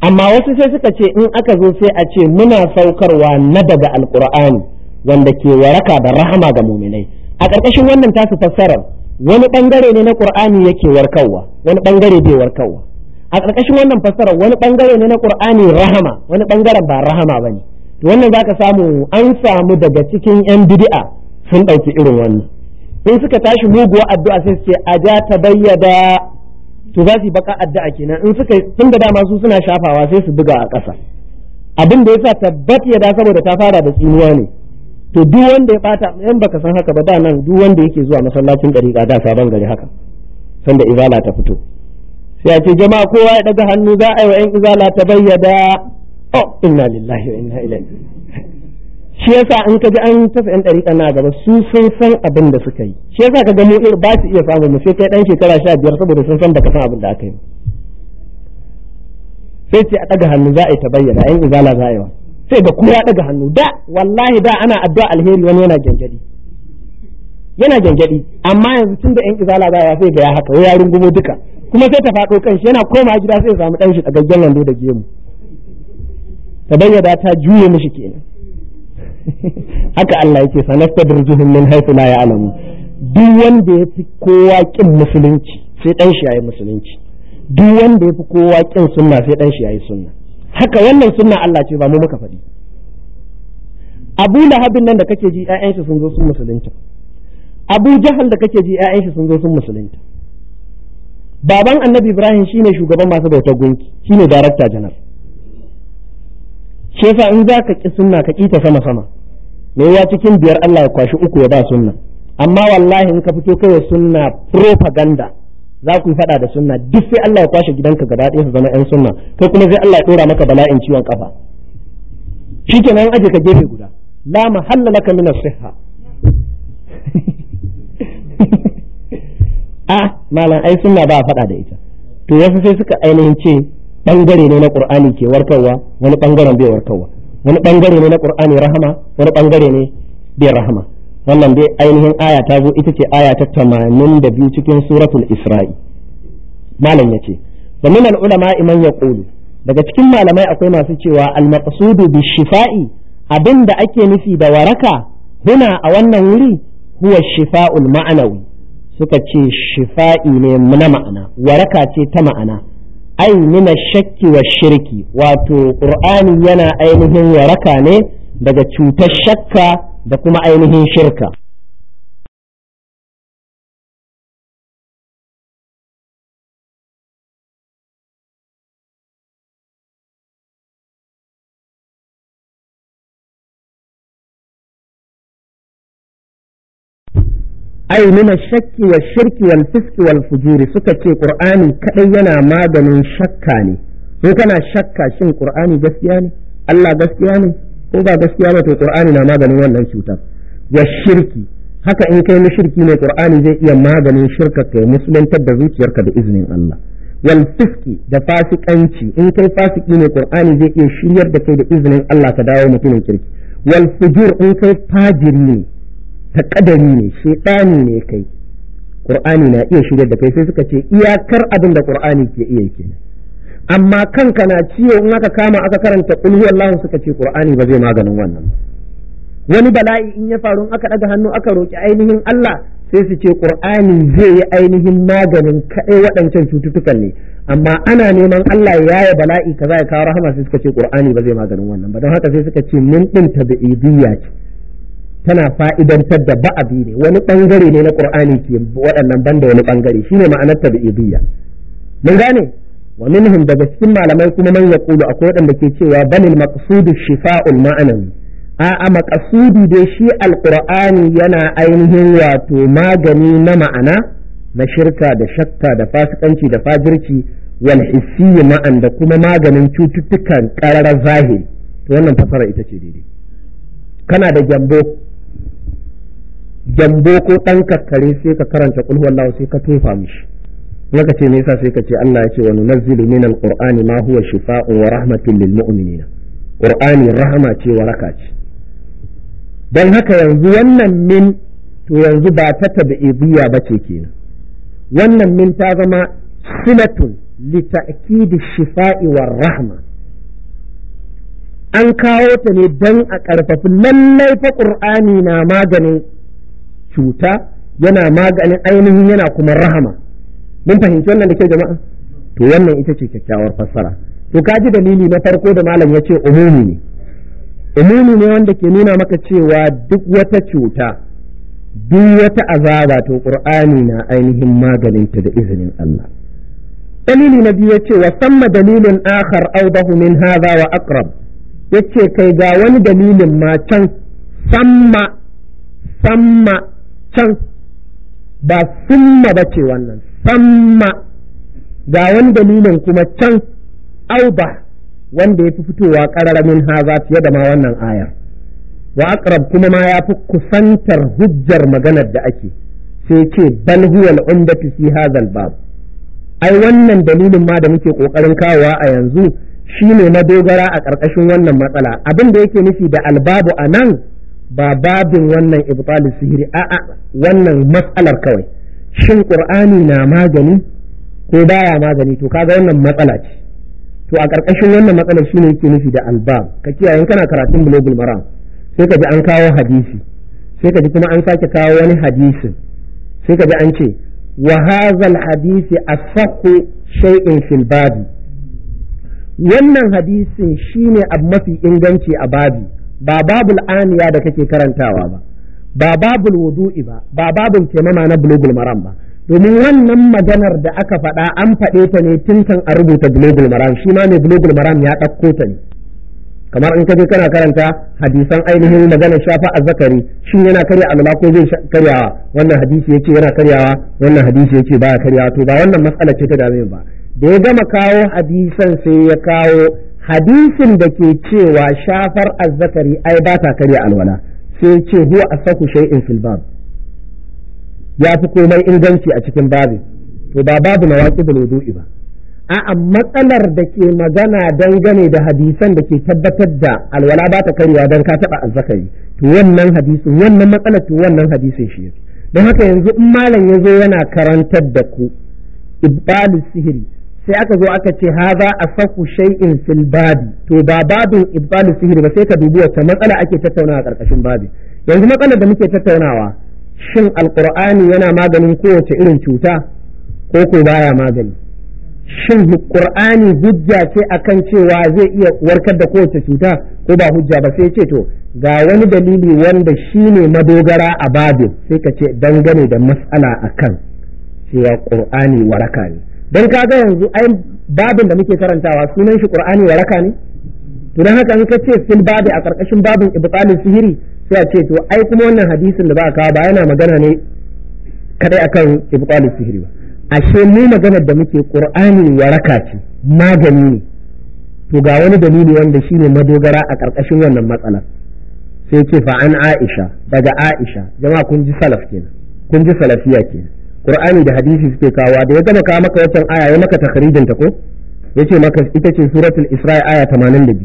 amma wasu sai suka ce in aka zo sai a ce muna saukarwa na daga alƙur'ani wanda ke waraka da rahama ga muminai a ƙarƙashin wannan tasu fassarar wani bangare ne na ƙur'ani yake warkarwa wani ɓangare bai warkarwa a ƙarƙashin wannan fassara wani bangare ne na ƙur'ani rahama wani ɓangaren ba rahama ba ne. to wannan za ka samu an samu daga cikin yan bid'a sun ɗauki irin wannan in suka tashi muguwa addu'a sai su ce ta bayyada, to za su yi baka addu'a kenan in suka tun da dama su suna shafawa sai su buga a ƙasa abin da ya sa tabbat yada saboda ta fara da tsinuwa ne to duk wanda ya bata in baka san haka ba da nan duk wanda yake zuwa masallacin dariƙa da sabon gari haka sanda izala ta fito sai a ce jama'a kowa ya daga hannu za a yi wa yan izala ta bayyada oh inna lillahi wa inna ilaihi shi yasa in ka ji an tafi yan dariƙa na gaba su sun san abin da suka yi shi yasa ka ga mu ba su iya samu mu sai kai dan shekara 15 saboda sun san baka san abin da aka yi sai ce a daga hannu za a yi ta bayyada yan izala za a yi wa sai ga kowa daga hannu da wallahi da ana addu'a alheri wani yana gyangyadi yana gyangyadi amma yanzu tun da yan izala ba ya sai ga ya haka wai ya rungumo duka kuma sai ta faɗo kanshi yana koma gida sai ya samu ɗanshi a gaggen lando da gemu ta bayyana ta juye mishi kenan haka Allah yake sanastadrijuhum min haythu la ya'lamun duk wanda ya fi kowa kin musulunci sai dan shi yayi musulunci duk wanda ya fi kowa kin sunna sai dan shi yayi sunna haka wannan sunna Allah ce ba mu muka faɗi Abu Lahabin nan da kake ji ƴaƴan shi sun zo sun musulunta Abu Jahal da kake ji ƴaƴan shi sun zo sun musulunta baban Annabi Ibrahim shine shugaban masu bautar gunki shine director janar, shi yasa in za ka ki sunna ka kita sama sama me ya cikin biyar Allah ya kwashi uku ya ba sunna amma wallahi in ka fito kai sunna propaganda za ku faɗa da sunna duk sai Allah ya kwashe gidanka gaba ɗaya su zama ƴan sunna kai kuma sai Allah ya ɗora maka bala'in ciwon kafa shikenan aje ka gefe guda la mahalla laka min as-sihha a ah, malam ai sunna ba faɗa da ita to yasa sai suka ainihin ce bangare ne na qur'ani ke warkarwa wani bangaren bai warkarwa wani bangare ne na qur'ani rahama wani bangare ne bai rahama wannan dai ainihin aya ta zo ita ce aya ta tamanin da biyu cikin suratul isra'i malam ya ce wa min ulama man yaqulu daga cikin malamai akwai masu cewa al maqsudu bi shifa'i abinda ake nufi da waraka huna a wannan wuri huwa shifa'ul ma'anawi suka ce shifa'i ne na ma'ana waraka ce ta ma'ana ai mina shakki wa shirki wato qur'ani yana ainihin waraka ne daga cutar shakka da kuma ainihin shirka ai nuna shakki wa shirki wal fiski wal fujuri suka ce ƙur'ani kaɗai yana maganin shakka ne in kana shakka shin ƙur'ani gaskiya ne Allah gaskiya ne ko ba gaskiya ba to qur'ani na maganin wannan cutar ya shirki haka in kai shirki ne qur'ani zai iya maganin shirka kai musulunta da zuciyarka da iznin Allah wal fiski da fasikanci in kai fasiki ne qur'ani zai iya shiryar da kai da iznin Allah ka dawo mutumin kirki wal fujur in kai fajir ne ta kadari ne shaytani ne kai qur'ani na iya shiryar da kai sai suka ce iyakar abin da qur'ani ke iya kenan amma kanka na ciwo in aka kama aka karanta kulhu Allah suka ce qur'ani ba zai maganin wannan wani bala'i in ya faru aka daga hannu aka roki ainihin Allah sai su ce qur'ani zai yi ainihin maganin kai waɗancan cututtukan ne amma ana neman Allah ya yaya bala'i kaza ya kawo rahama sai suka ce qur'ani ba zai maganin wannan ba don haka sai suka ce min din tabi'idiyya ce tana fa'idantar da ba'abi ne wani bangare ne na qur'ani ke waɗannan banda wani bangare shine ma'anar ta tabi'idiyya mun gane wa minhum daga cikin malamai kuma man yaqulu akwai wadanda ke cewa banil maqsudu shifa'ul a a'a maqsudi dai shi alƙur'ani yana ainihin wato magani na ma'ana na shirka da shakka da fasikanci da fajirci wal hissi ma'an da kuma maganin cututtukan qararar zahiri to wannan fasara ita ce daidai kana da gyambo gyambo ko dan kakkare sai ka karanta kulhu wallahu sai ka tofa mishi maka ce me yasa sai ka ce Allah ya ce wa nunazzilu min alqur'ani ma huwa shifaa'un wa rahmatun lil mu'minina qur'ani rahama ce waraka ce dan haka yanzu wannan min to yanzu ba ta tabi'iyya bace kenan wannan min ta zama silatun li ta'kidi shifa'i rahma an kawo ta ne dan a karfafi lallai fa qur'ani na maganin cuta yana maganin ainihin yana kuma rahama mun fahimci wannan da ke jama'a to wannan ita ce kyakkyawar fassara to ka ji dalili na farko da malam ya ce umumi ne umumi ne wanda ke nuna maka cewa duk wata cuta duk wata azaba to qur'ani na ainihin maganin ta da izinin Allah dalili na biyu yace wa samma dalilin akhar awdahu min hadha wa aqrab yace kai ga wani dalilin ma can samma samma can ba summa bace wannan samma ga wani dalilin kuma can auba wanda ya fi fitowa ƙararramin haza fiye da ma wannan ayar wa aqrab kuma ma ya fi kusantar hujjar maganar da ake sai ce bal huwa al-umdatu fi hadha al-bab ai wannan dalilin ma da muke ƙoƙarin kawowa a yanzu shine na dogara a ƙarƙashin wannan matsala abin da yake nufi da albabu a nan ba babin wannan ibtalu sihiri a'a wannan matsalar kawai shin ƙur'ani na magani ko baya magani to kaga wannan matsala ce to a ƙarƙashin wannan matsalar shine yake nufi da albab ka kiyaye kana karatun bulogul maram sai ka ji an kawo hadisi sai ka ji kuma an sake kawo wani hadisin sai ka ji an ce wa hadhal hadisi asaqu shay'in fil babi wannan hadisin shine abu mafi inganci a babi ba babul aniya da kake karantawa ba ba babul wudu'i ba ba babul taimama na bulugul maram ba domin wannan maganar da aka faɗa an faɗe ta ne tun kan a rubuta bulugul maram shi ma ne bulugul maram ya ɗauko ta ne kamar in kaje kana karanta hadisan ainihin maganar shafa azzakari shin yana karya alwala ko zai karyawa wannan hadisi yace yana karyawa wannan hadisi yace baya karyawa to ba wannan matsala ce ta dame ba da ya gama kawo hadisan sai ya kawo hadisin da ke cewa shafar azzakari ai ba ta karya alwala sai ce huwa asaku shay'in fil bab ya fi komai inganci a cikin babin to ba babu nawaqidul wudu'i ba a'a matsalar da ke magana dangane da hadisan da ke tabbatar da alwala ba ta karewa don ka taba azzakari to wannan hadisin wannan matsalar to wannan hadisin shi don haka yanzu in malam ya zo yana karantar da ku ibbalu sihiri sai aka zo aka ce haza a asahu shay'in fil babi to ba babin ibbalu sihiri ba sai ka dubi wata matsala ake tattaunawa karkashin babi yanzu matsalar da muke tattaunawa shin alqur'ani yana maganin kowace irin cuta ko ko baya magani shin qur'ani hujja ce akan cewa zai iya warkar da kowace cuta ko ba hujja ba sai ce to ga wani dalili wanda shine madogara a babin sai ka ce dangane da matsala akan cewa qur'ani waraka ne dan kaga yanzu ai babin da muke karantawa sunan shi qur'ani waraka ne to dan haka in ka ce fil babi a karkashin babin ibtalin sihiri sai a ce to ai kuma wannan hadisin da ba ka ba yana magana ne kadai akan ibtalin sihiri ba ashe mu maganar da muke qur'ani waraka ce magani ne to ga wani dalili wanda shine madogara a karkashin wannan matsalar sai ce fa an aisha daga aisha jama'a kun ji salaf kenan kun ji salafiya kenan qur'ani da hadisi suke kawo da ya gama kawo maka wancan aya ya maka takharijin ta ko yace maka ita ce suratul isra'i aya 82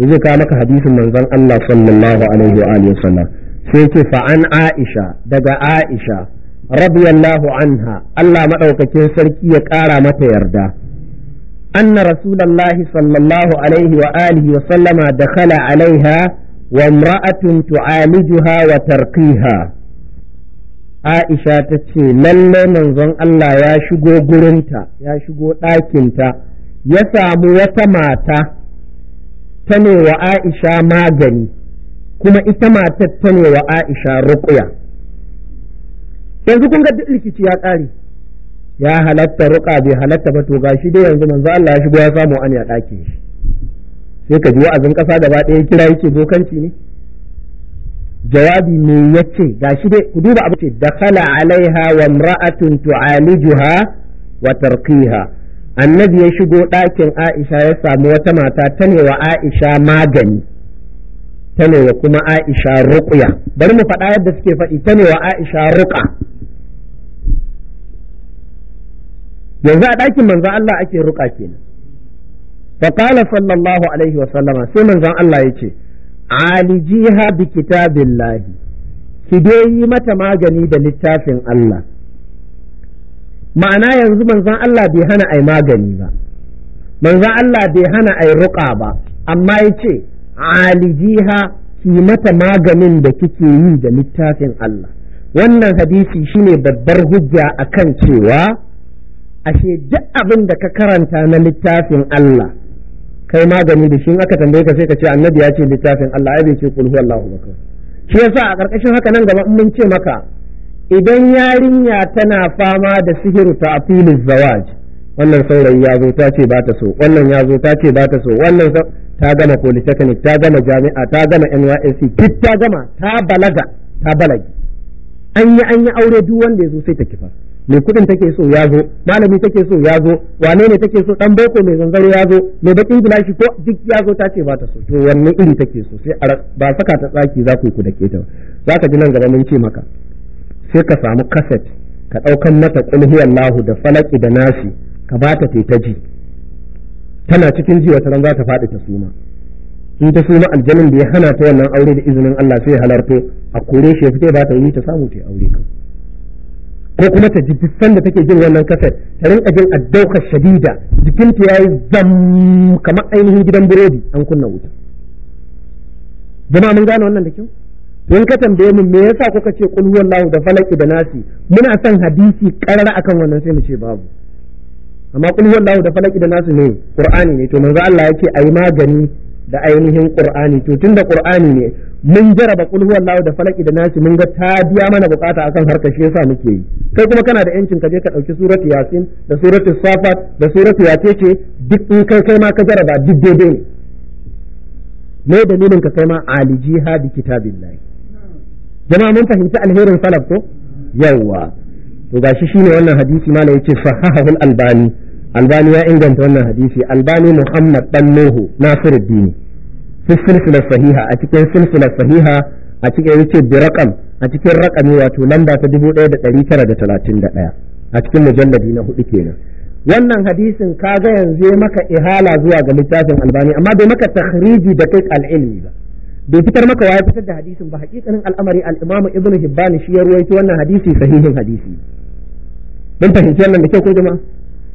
to zai kawo maka hadisin manzon Allah sallallahu alaihi wa alihi wasallam sai yace fa an aisha daga aisha radiyallahu anha Allah madaukakin sarki ya kara mata yarda أن رسول الله صلى الله عليه وآله وسلم wa عليها وامرأة wa وترقيها aisha ta ce lalle manzon Allah ya shigo gurinta ya shigo ɗakinta ya samu wata mata ta wa aisha magani kuma ita matar ta wa aisha ruƙuya yanzu kun ga duk rikici ya ƙare ya halatta ruƙa bai halatta ba to gashi dai yanzu manzo Allah ya shigo ya samu an ya ɗakin shi sai ka ji wa'azin ƙasa gaba ɗaya kira yake bokanci ne jawabi me yace gashi dai ku duba abin ce dakhala alaiha wa imra'atun tu'alijuha wa tarqiha annabi ya shigo ɗakin Aisha ya samu wata mata ta ne wa Aisha magani ta ne wa kuma Aisha ruqya bari mu faɗa yadda suke faɗi ta ne wa Aisha ruqa yanzu a ɗakin manzo Allah ake ruqa kenan fa qala sallallahu alaihi wa sallama sai manzon Allah yace alijiha bi kitabillahi ki dai mata magani da littafin Allah ma'ana yanzu manzon Allah bai hana ai magani ba manzon Allah bai hana ai ruqa ba amma yace alijiha ki mata maganin da kike yi da littafin Allah wannan hadisi shine babbar hujja akan cewa ashe duk abin da ka karanta na littafin Allah kai magani da shi in aka tambaye ka sai ka ce annabi ya ce littafin Allah ai bai ce kul huwallahu bakar shi yasa a karkashin haka nan gaba mun ce maka idan yarinya tana fama da sihiru ta afiliz zawaj wannan saurayi ya zo ta ce ba ta so wannan ya zo ta ce ba ta so wannan ta gama polytechnic ta gama jami'a ta gama NYSC duk ta gama ta balaga ta balagi an yi an yi aure duk wanda ya zo sai ta kifar me kudin take so ya zo malami take so ya zo wane ne take so dan boko mai zanzaro ya zo mai bakin gilashi ko duk ya zo ta ce ba ta so to wanne iri take so sai a ba saka ta tsaki za ku yi ku dake ta za ka ji nan gaba mun ce maka sai ka samu kaset ka daukan mata qul Allahu da falaki da nasi ka ba ta ta ji tana cikin ji wata ran za ta faɗi ta suma in ta suma aljannin da ya hana ta wannan aure da izinin Allah sai halarto a kore shi ya fite ba ta yi ta samu ta aure ka ko kuma ta ji da take jin wannan kasar ta rinka jin addauka shadida jikinta yi zam kamar ainihin gidan burodi an kunna wuta jama'a mun gane wannan da kyau to in ka tambaye mu me yasa kuka ce qul huwallahu da falaki da nasi muna son hadisi karara akan wannan sai mu ce babu amma qul huwallahu da falaki da nasi ne qur'ani ne to manzo Allah yake ayi magani da ainihin qur'ani to da qur'ani ne mun jaraba kulhu huwallahu da falaki da nasi mun ga ta biya mana bukata akan harkar shi yasa muke yi kai kuma kana da yancin ka je ka dauki suratul yasin da suratu safat da suratul yatece duk in kai kai ma ka jaraba duk daidai ne me dalilin ka kai ma ali jihadi kitabillahi jama'a mun fahimci alherin salaf to yawa to gashi shine wannan hadisi malai yace sahahul albani albani ya inganta wannan hadisi albani muhammad dan nuhu nasiruddin fi silsilar sahiha a cikin silsila sahiha a cikin yace bi raqam a cikin raqami wato lamba ta 1931 a cikin mujalladi na hudu kenan wannan hadisin kaga yanzu ya maka ihala zuwa ga littafin albani amma bai maka takhriji da kai al-ilmi ba bai fitar maka ya fitar da hadisin ba hakikanin al'amari al-imamu ibnu hibban shi ya ruwaito wannan hadisi sahihin hadisi dan fahimci wannan da kyau ko jama'a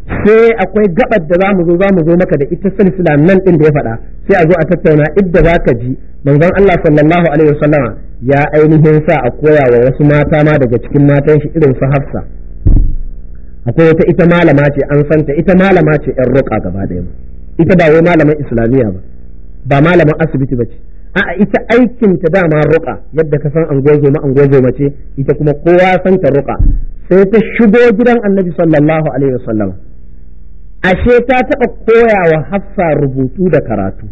sai akwai gabar da zamu zo zamu zo maka da ita islam nan din da ya faɗa sai a zo a tattauna idda ka ji manzon Allah sallallahu alaihi wasallama ya ainihin sa a koya wa wasu mata ma daga cikin matan shi irin su Hafsa akwai wata ita malama ce an santa ita malama ce ɗan roƙa gaba ɗaya ita ba wai malamin islamiyya ba ba malamin asibiti ba ce a'a ita aikin ta dama roƙa yadda ka san angozo ma angozo mace ita kuma kowa san ta ruka sai ta shigo gidan annabi sallallahu alaihi wasallam ashe ta taɓa koya wa hafsa rubutu da karatu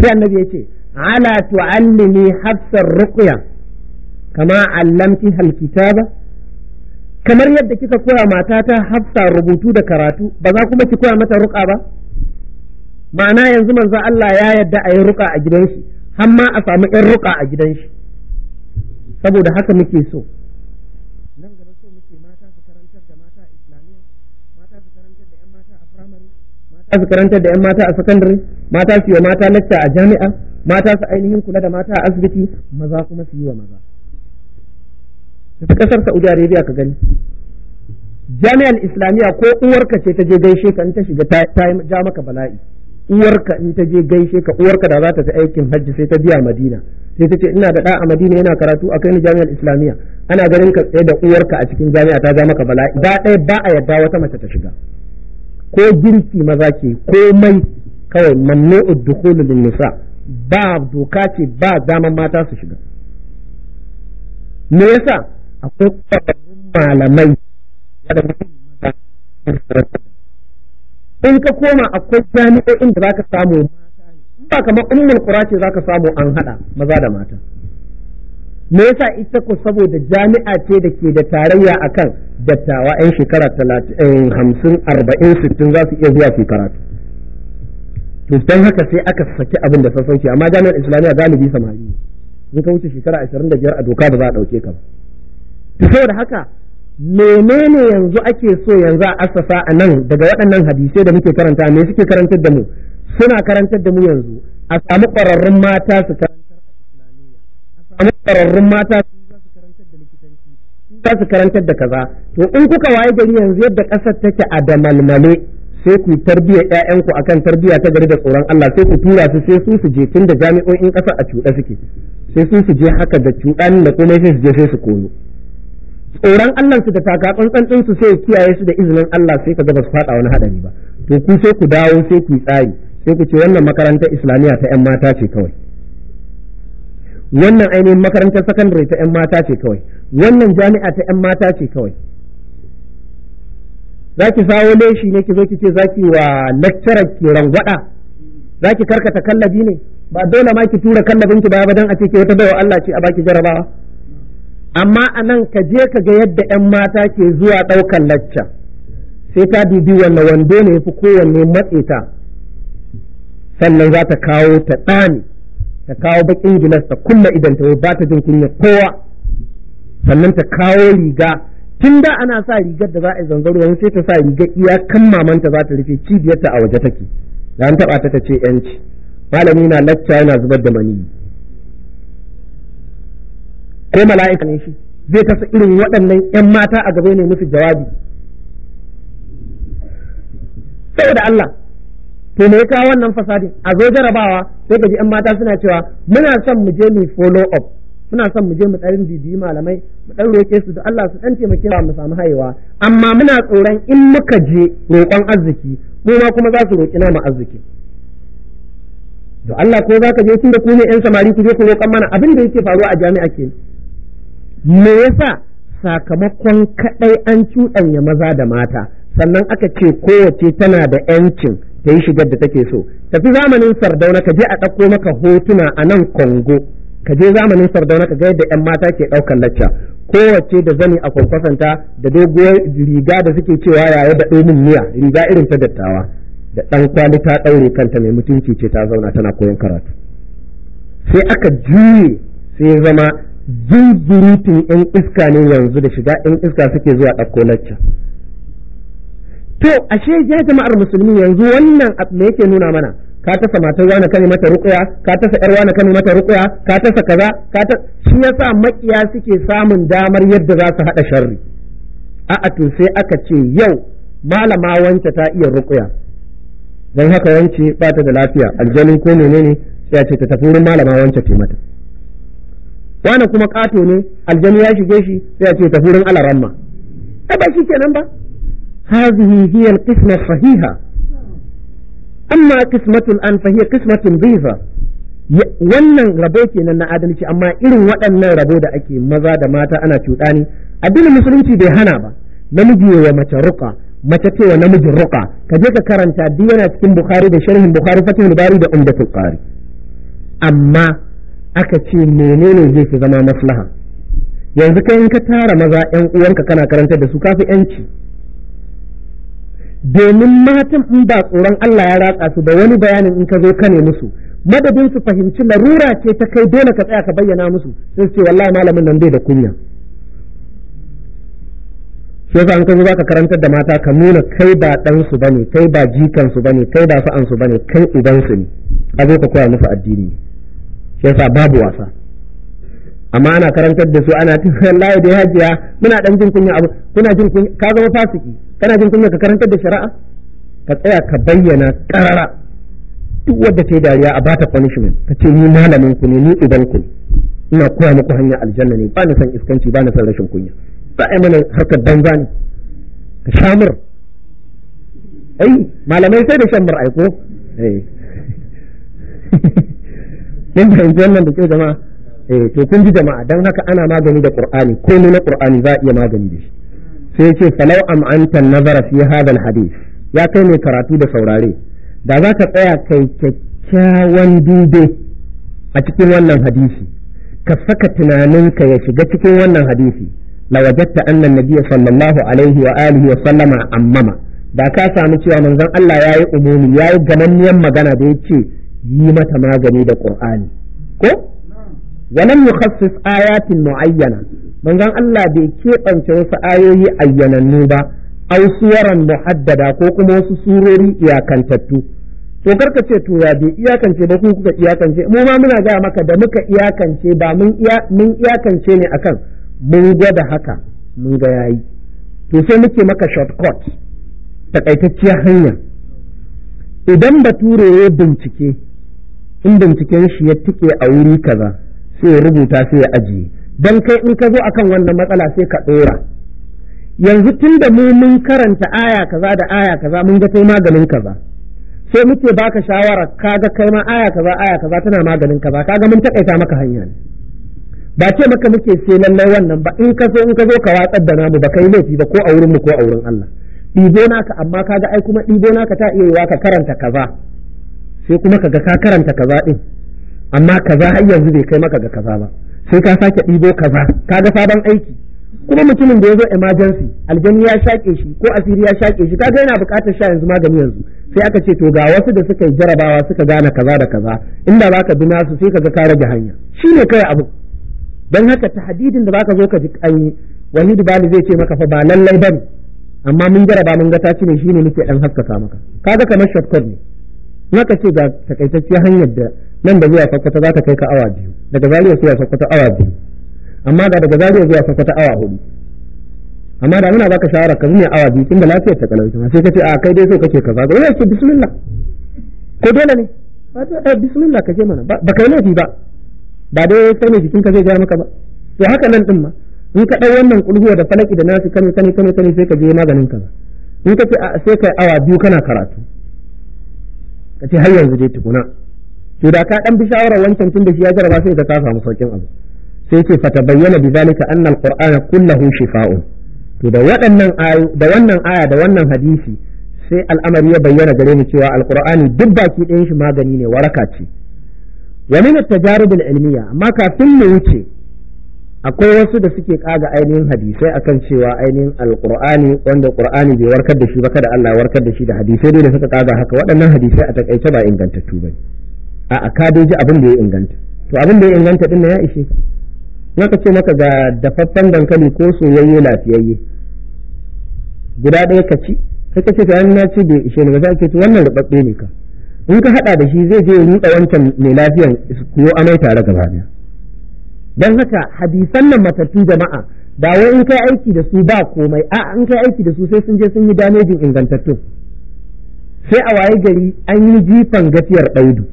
sai annabi ya ce ala tu'allimi hafsar ruqya kama allamti hal kitaba kamar yadda kika koya matata hafsa rubutu da karatu ba za kuma ki koya mata ruqa ba ma'ana yanzu manzo Allah ya yadda a yi ruqa a gidan shi har ma a samu ɗan ruqa a gidan shi saboda haka muke so su karantar da 'yan mata a sakandare mata su yi mata lacca a jami'a mata su ainihin kula da mata a asibiti maza kuma su yi wa maza ta kasar saudi arabia ka gani jami'ar islamiyya ko uwarka ce ta je gaishe ka in ta shiga ta ja maka bala'i uwarka in ta je gaishe ka uwarka da za ta ta aikin hajji sai ta biya madina sai ta ce ina da ɗa a madina yana karatu a kai ni jami'ar islamiyya ana ganin ka tsaye da uwarka a cikin jami'a ta ja maka bala'i ba ɗaya ba a yadda wata mace ta shiga ko girki maza ke komai kawai manne uddukhulu lin nisa ba doka ce ba daman mata su shiga me yasa akwai kwararrun malamai in ka koma akwai jami'o'in da zaka samu mata ne ba kamar ummul qura ce zaka samu an hada maza da mata me yasa ita ko saboda jami'a ce da ke da tarayya a kan dattawa 'yan shekara talatin eh, hamsin arba'in sittin za su iya zuwa su karatu to don haka sai aka saki abin da sassauci amma jami'ar islamiyya galibi samari in ka wuce shekara ashirin da biyar a doka da za a ɗauke ka ba saboda haka menene yanzu ake so yanzu a asasa a nan daga waɗannan hadisai da muke karanta me suke karantar da mu suna karantar da mu yanzu a samu ƙwararrun mata su ƙararrun mata su za su karantar da likitanci su za su karantar da kaza to in kuka waye gari yanzu yadda ƙasar take a da malmale sai ku tarbiya ƴaƴanku akan tarbiyya ta gari da tsoron Allah sai ku tura su sai su su je tun da jami'o'in ƙasa a cuɗa suke sai su su je haka da cuɗan da komai sai su je sai su koyo tsoron Allah su da taka tsantsan din su sai kiyaye su da izinin Allah sai ka ga ba su faɗa wani haɗari ba to ku sai ku dawo sai ku tsari sai ku ce wannan makarantar islamiyya ta ƴan mata ce kawai wannan ainihin makarantar sakandare ta 'yan mata ce kawai wannan jami'a ta 'yan mata ce kawai za ki sawo leshi ne ki zo ki ce za ki wa lakcarar ki rangwada za ki karkata kallabi ne ba dole ma ki tura kallabin ki ba dan a ce ke wata bawa Allah ce a baki jarabawa amma a nan ka je ka ga yadda 'yan mata ke zuwa ɗaukan lacca sai ta dubi wanne wando ne ya fi kowanne matse ta sannan za ta kawo ta ɗani ta kawo bakin gilas ta kulla idan ta ba ta jin kunya kowa sannan ta kawo riga tun da ana sa rigar da za a yi zanzaro wani sai ta sa rigar iyakan mamanta za ta rufe cibiyarta a waje take da an taba ta ta ce yanci malami na lacca yana zubar da maniyi ko mala'ika ne shi zai kasa irin waɗannan 'yan mata a gaba ne musu jawabi saboda Allah to me ya kawo wannan fasadin a zo jarabawa sai ka ji yan mata suna cewa muna son mu je mu follow up muna son mu je mu ɗan bibiyi malamai mu ɗan roƙe su da Allah su ɗan taimake mu samu haihuwa amma muna tsoron in muka je roƙon arziki mu ma kuma za su roƙi namu arziki to Allah ko za ka je tun da ku ne yan samari ku je ku roƙon mana abin da yake faruwa a jami'a ke me yasa sakamakon kaɗai an cuɗanya maza da mata sannan aka ce kowace tana da yancin ta yi shigar da take so tafi zamanin sardauna ka je a ɗauko maka hotuna a nan kongo ka je zamanin sardauna ka ga yadda yan mata ke ɗaukan lacca kowace da zani a kwankwasanta da doguwar riga da suke cewa yaya da ɗomin miya riga irin ta dattawa da ɗan kwali ta ɗaure kanta mai mutunci ce ta zauna tana koyon karatu sai aka juye sai zama zunzurutun yan iska ne yanzu da shiga yan iska suke zuwa ɗauko lacca to ashe ya jama'ar musulmi yanzu wannan abu me yake nuna mana ka tasa matar wani kane mata rukuya ka tasa yar wani kane mata rukuya ka tasa kaza ka ta shi yasa makiya suke samun damar yadda za su hada sharri a'a to sai aka ce yau malama wance ta iya rukuya dan haka wance ba ta da lafiya aljani ko menene sai a ce ta tafi wurin malama wance ce mata wani kuma kato ne aljani ya shige shi sai a ce tafi wurin alaramma ba shi kenan ba هذه هي القسمة الصحيحة أما قسمة الآن فهي قسمة ضيفة wannan rabo kenan na adalci amma irin waɗannan rabo da ake maza da mata ana cuɗani addinin musulunci bai hana ba namiji wa mace ruka mace ce wa namijin ruka ka je ka karanta duk yana cikin bukhari da sharhin bukhari fatihul bari da umdatul qari amma aka ce menene zai fi zama maslaha yanzu kai in ka tara maza yan uwanka kana karantar da su kafi yanci domin matan in ba tsoron Allah ya ratsa su da wani bayanin in ka zo ka ne musu madadin su fahimci larura ce ta kai dole ka tsaya ka bayyana musu sai ce wallahi malamin nan bai da kunya sai sa an ka zo ka karantar da mata ka nuna kai ba dan su bane kai ba jikan su bane kai ba an su bane kai idan su ne a zo ka koya musu addini sai sa babu wasa amma ana karantar da su ana tunanin layi da hajiya muna dan jin kunya abu kuna jin kunya ka zama fasiki kana jin kunya ka karantar da shari'a ka tsaya ka bayyana karara duk wadda ta yi dariya a bata punishment ka ce ni malamin ku ne ni uban ku ina koya muku hanyar aljanna ne ba ni san iskanci ba ni san rashin kunya ba ai mana harkar banza ne ka shamur ai malamai sai da shamur aiko eh mun fahimci wannan da kyau jama'a eh to kun ji jama'a dan haka ana magani da qur'ani ne na qur'ani za a iya magani da shi sai yace falau am anta nazara fi hadha hadith ya kai ne karatu da saurare da za ka tsaya kai kyakkyawan dube a cikin wannan hadisi ka saka tunaninka ya shiga cikin wannan hadisi lawajatta annan nabiyyu sallallahu alaihi wa alihi wa sallama ammama da ka samu cewa manzon Allah yayi umumi yayi gamanniyan magana da yace yi mata magani da qur'ani ko wa lam yukhassis ayatin muayyana manzon Allah bai keɓance wasu ayoyi ayyanannu ba aw suwaran muhaddada ko kuma wasu surori iyakantattu to karka ce to ya bai iyakance ba ku kuka iyakance mu ma muna gaya maka da muka iyakance ba mun iya mun iyakance ne akan mun gwada haka mun ga yayi to sai muke maka shortcut takaitacciyar hanya idan bature ya bincike in binciken shi ya tike a wuri kaza sai ya rubuta sai ya ajiye dan kai in ka zo akan wannan matsala sai ka ɗora yanzu tunda mu mun karanta aya kaza da aya kaza mun ga sai maganin kaza sai muke baka shawara kaga kai ma aya kaza aya kaza tana maganin kaza kaga mun takaita maka hanya ne ba ce maka muke sai lallai wannan ba in ka zo in ka zo ka watsar da namu ba kai laifi ba ko a wurin mu ko a wurin Allah ɗibo naka amma kaga ai kuma ɗibo naka ta iya yiwa ka karanta kaza sai kuma kaga ka karanta kaza din amma kaza har yanzu bai kai maka ga kaza ba sai ka sake ɗibo kaza kaga sabon aiki kuma mutumin da ya zo emergency aljani ya shaƙe shi ko asiri ya shaƙe shi kaga yana buƙatar sha yanzu magani yanzu sai aka ce to ga wasu da suka yi jarabawa suka gane kaza da kaza inda zaka bi nasu sai ga ka rage hanya shine kai abu don haka ta hadidin da ka zo ka ji an yi wani dubali zai ce maka fa ba lallai bane amma mun jaraba mun ga taci ne shine muke dan haskaka maka kaga kamar shortcut ne na ce ga takaitacciyar hanyar da nan da zuwa sokoto za ta kai ka awa biyu daga zariya zuwa sokoto awa biyu amma da daga zariya zuwa sokoto awa hudu amma da muna baka shawara ka zuwa awa biyu da lafiyar ta kalauta sai ka ce a kai dai so kake ka ga wani ce bismillah ko dole ne a bismillah ka ce mana ba kai laifi ba ba dai sai ne jikin ka zai ja maka ba to haka nan din ma in ka dau wannan kulhuwa da falaki da nasu kane kane kane kane sai ka je maganin ka in ka ce sai kai awa biyu kana karatu ka ce har yanzu dai tukuna to da ka dan bi shawara wancan tun da shi ya jarraba sai ka ka samu saukin abu sai ce fata bayyana bi zalika anna alqur'ana kulluhu shifa'un to da waɗannan ayo da wannan aya da wannan hadisi sai al'amari ya bayyana gare ni cewa alqur'ani duk baki ɗayan shi magani ne waraka ce wa min at-tajarib al-ilmiya amma kafin mu wuce akwai wasu da suke kaga ainihin hadisai akan cewa ainihin alqur'ani wanda qur'ani bai warkar da shi ba kada Allah warkar da shi da hadisai dai da suka kaga haka waɗannan hadisai a takaice ba ingantattu bane a'a ka dai abin da ya inganta to abin da ya inganta din ya ishe naka ce maka ga dafaffen dankali ko soyayye lafiyayye guda ɗaya ka ci sai ka ce ka na ci bai ishe ne ba za a ce wannan rubabbe ne ka in ka haɗa da shi zai je rutsa wancan mai lafiyan ko amai tare gaba daya don haka hadisan nan matattu jama'a da wai in kai aiki da su ba komai a in kai aiki da su sai sun je sun yi damejin ingantattun sai a waye gari an yi jifan gafiyar ɗaudu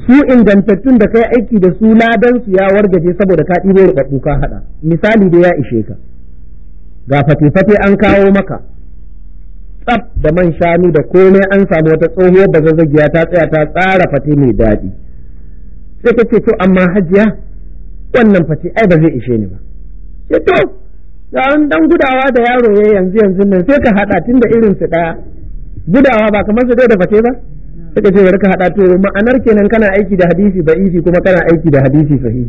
su ingantattun da kai aiki da su ladan su ya wargaje saboda ka ɗibo rubabbu ka haɗa misali da ya ishe ka ga fate-fate an kawo maka tsaf da man shanu da komai an samu wata tsohuwar da zazzagiya ta tsaya ta tsara fate mai daɗi sai ce to amma hajiya wannan fate ai ba zai ishe ni ba sai to ga dan gudawa da yaro ya yanzu yanzu nan sai ka haɗa tun da irin su ɗaya gudawa ba kamar su da fate ba suka ce bari ka hada to ma'anar kenan kana aiki da hadisi da'ifi kuma kana aiki da hadisi sahihi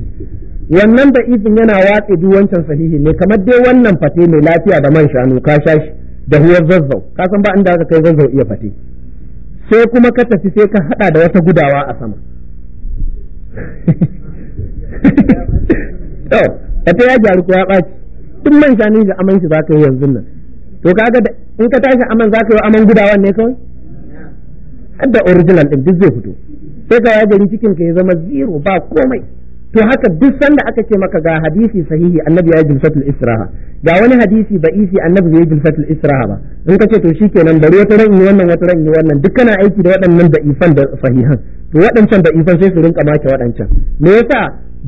wannan ifin yana watsi duk wancan sahihi ne kamar dai wannan fate mai lafiya da man shanu ka sha shi da huwar zazzau ka san ba inda aka kai zazzau iya fate sai kuma ka tafi sai ka hada da wata gudawa a sama to ta ya gyaru ko ya ɓaci duk man shanu da aman shi zaka yi yanzu nan to kaga in ka tashi aman zaka yi aman gudawan ne kawai da original din duk zai fito sai ka ya gari cikin ka ya zama zero ba komai to haka duk sanda aka ce maka ga hadisi sahihi annabi ya jilsatul israha ga wani hadisi ba isi annabi ya jilsatul israha ba in ka ce to shikenan bari wata ran yi wannan wata ran yi wannan duk kana aiki da waɗannan da ifan da sahihan to waɗancan da ifan sai su rinka maka waɗancan me yasa